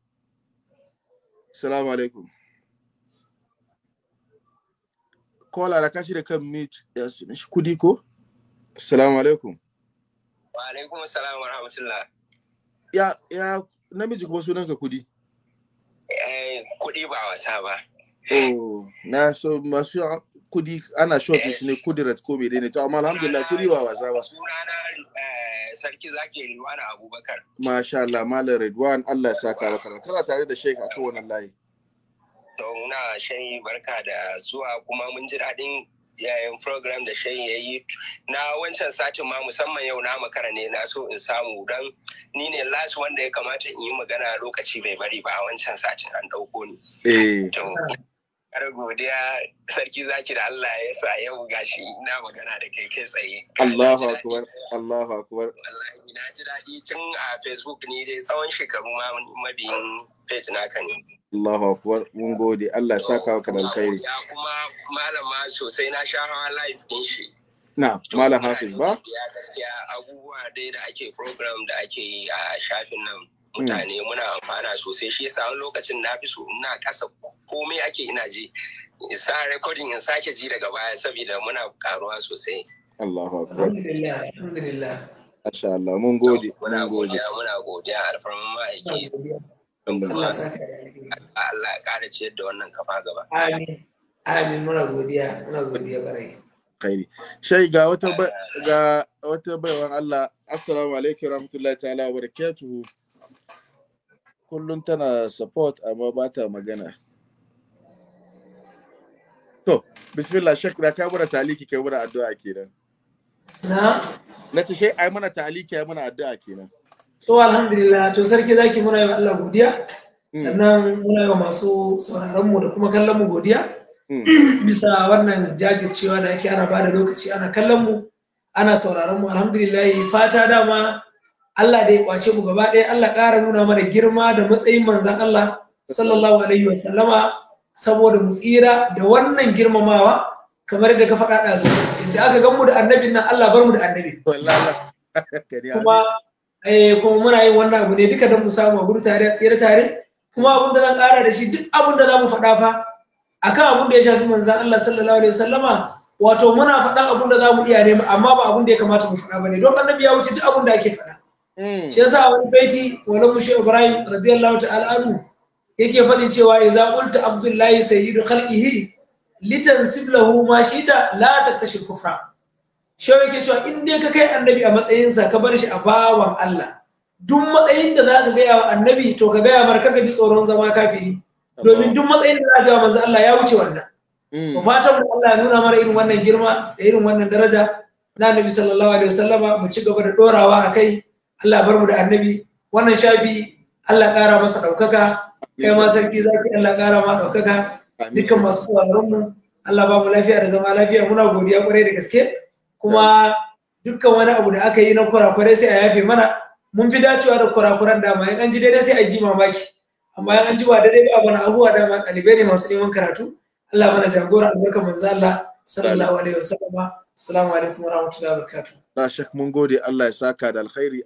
Assalamu alaikum. Kola da kashi da kan mute ya sunan shi kudi ko? Assalamu alaikum. Wa alaikum salam wa rahmatullah. Ya ya namiji kuma sunanka kudi. Eh kudi ba wasa ba. Oh, na so masu kudi ana short shi ne kudirat ko bai daina to amma alhamdulillah kudi ba wasa ba. Sunana eh, sarki zaki Ridwan Abubakar. Masha Allah Malam Ridwan Allah ya saka maka. Kana tare da Sheikh akan wannan layi. To na shan barka da zuwa kuma mun ji daɗin program da shan ya yi na wancan satin ma musamman yau na makara ne na so in samu don ni ne last wanda ya kamata in yi magana lokaci bai bari ba a wancan satin an ɗauko ni. Har eh. godiya sarki zaki da Allah ya sa yau gashi ina magana da kai kai tsaye. Allahu akbar Allahu akbar. Wallahi na ji daɗi tun a Facebook ni dai tsawon shekaru ma mabiyin page naka ne. Allahu akbar mun gode Allah sa kawo da alkhairi ya kuma malama sosai na sha hawa live din shi na malam hafiz ba ya gaskiya abubuwa dai da ake program da ake yi a shafin nan hmm. mutane muna amfana sosai shi yasa wani lokacin na fi so ina kasa komai ake ina ji Isa recording in sake ji daga baya saboda muna karuwa sosai Allahu akbar alhamdulillah alhamdulillah Masha Allah mun gode Muna godiya muna godiya alfarmar ma'aiki Allah ya ƙara ciyar da wannan kafa gaba. Amin. Amin muna godiya muna godiya barai. Kairi. Shai ga wata ah. ga wata baiwan Allah assalamu alaikum rahmatullahi ta'ala wa barakatuhu. Kullum tana support amma ba ta magana. To, bismillah shek da ka muna taliki kai mana addu'a kenan. Na? Na ce shai ai muna taliki ai mana addu'a kenan. to alhamdulillah to sarki zaki muna yi Allah godiya hmm. sannan muna yi masu sauraron mu da kuma kallon mu godiya hmm. bisa wannan jajircewa da ake ana bada lokaci ana kallon mu ana sauraron mu alhamdulillah fata dama Allah da ya kwace mu gaba ɗaya Allah ƙara nuna mana girma da matsayin manzan Allah sallallahu alaihi wa sallama saboda mu tsira da wannan girmamawa kamar yadda ka faɗa ɗazu inda aka gan mu da annabin nan Allah bar mu da annabi kuma eh kuma muna yin wannan abu ne duka don mu samu gudu tare a tsere tare kuma abin da zan ƙara da shi duk abin da za mu faɗa fa akan abin da ya shafi manzan Allah sallallahu alaihi wasallama wato muna faɗan abin da za mu iya nema amma ba abin da ya kamata mu faɗa bane don annabi ya wuce duk abin da ake faɗa hmm. shi yasa wani baiti wani mushi Ibrahim radiyallahu ta'ala anhu yake faɗi cewa idza qulta abdullahi sayyidu khalqihi litan siblahu ma shita la taktashil kufra shewa yake cewa in dai ka kai annabi a sa ka bar shi a bawan Allah duk matsayin da za ka gaya wa annabi to ka gaya mar ka ji tsoron zama kafiri domin duk matsayin da za ka gaya manzo Allah ya wuce wannan mu mm. fatan mu Allah ya nuna mara irin wannan girma da irin wannan daraja na annabi sallallahu alaihi wasallam mu ci gaba da dorawa akai Allah bar mu da annabi wannan shafi Allah ƙara masa ɗaukaka kai ma sarki zaki Allah ƙara ma ɗaukaka dukkan masu sauraron mu Allah ba mu lafiya da zama lafiya muna godiya kwarai da gaske kuma dukkan wani abu da aka yi na kurakurai sai a yafe mana mun fi dacewa da kurakuran dama in an ji daidai sai a ji mamaki amma in an ji ba daidai ba abu na abubuwa dama ɗalibai ne masu neman karatu Allah mana jagora albarkar manzo Allah sallallahu alaihi wasallam assalamu alaikum warahmatullahi wabarakatuh na shek mun gode Allah ya saka da alkhairi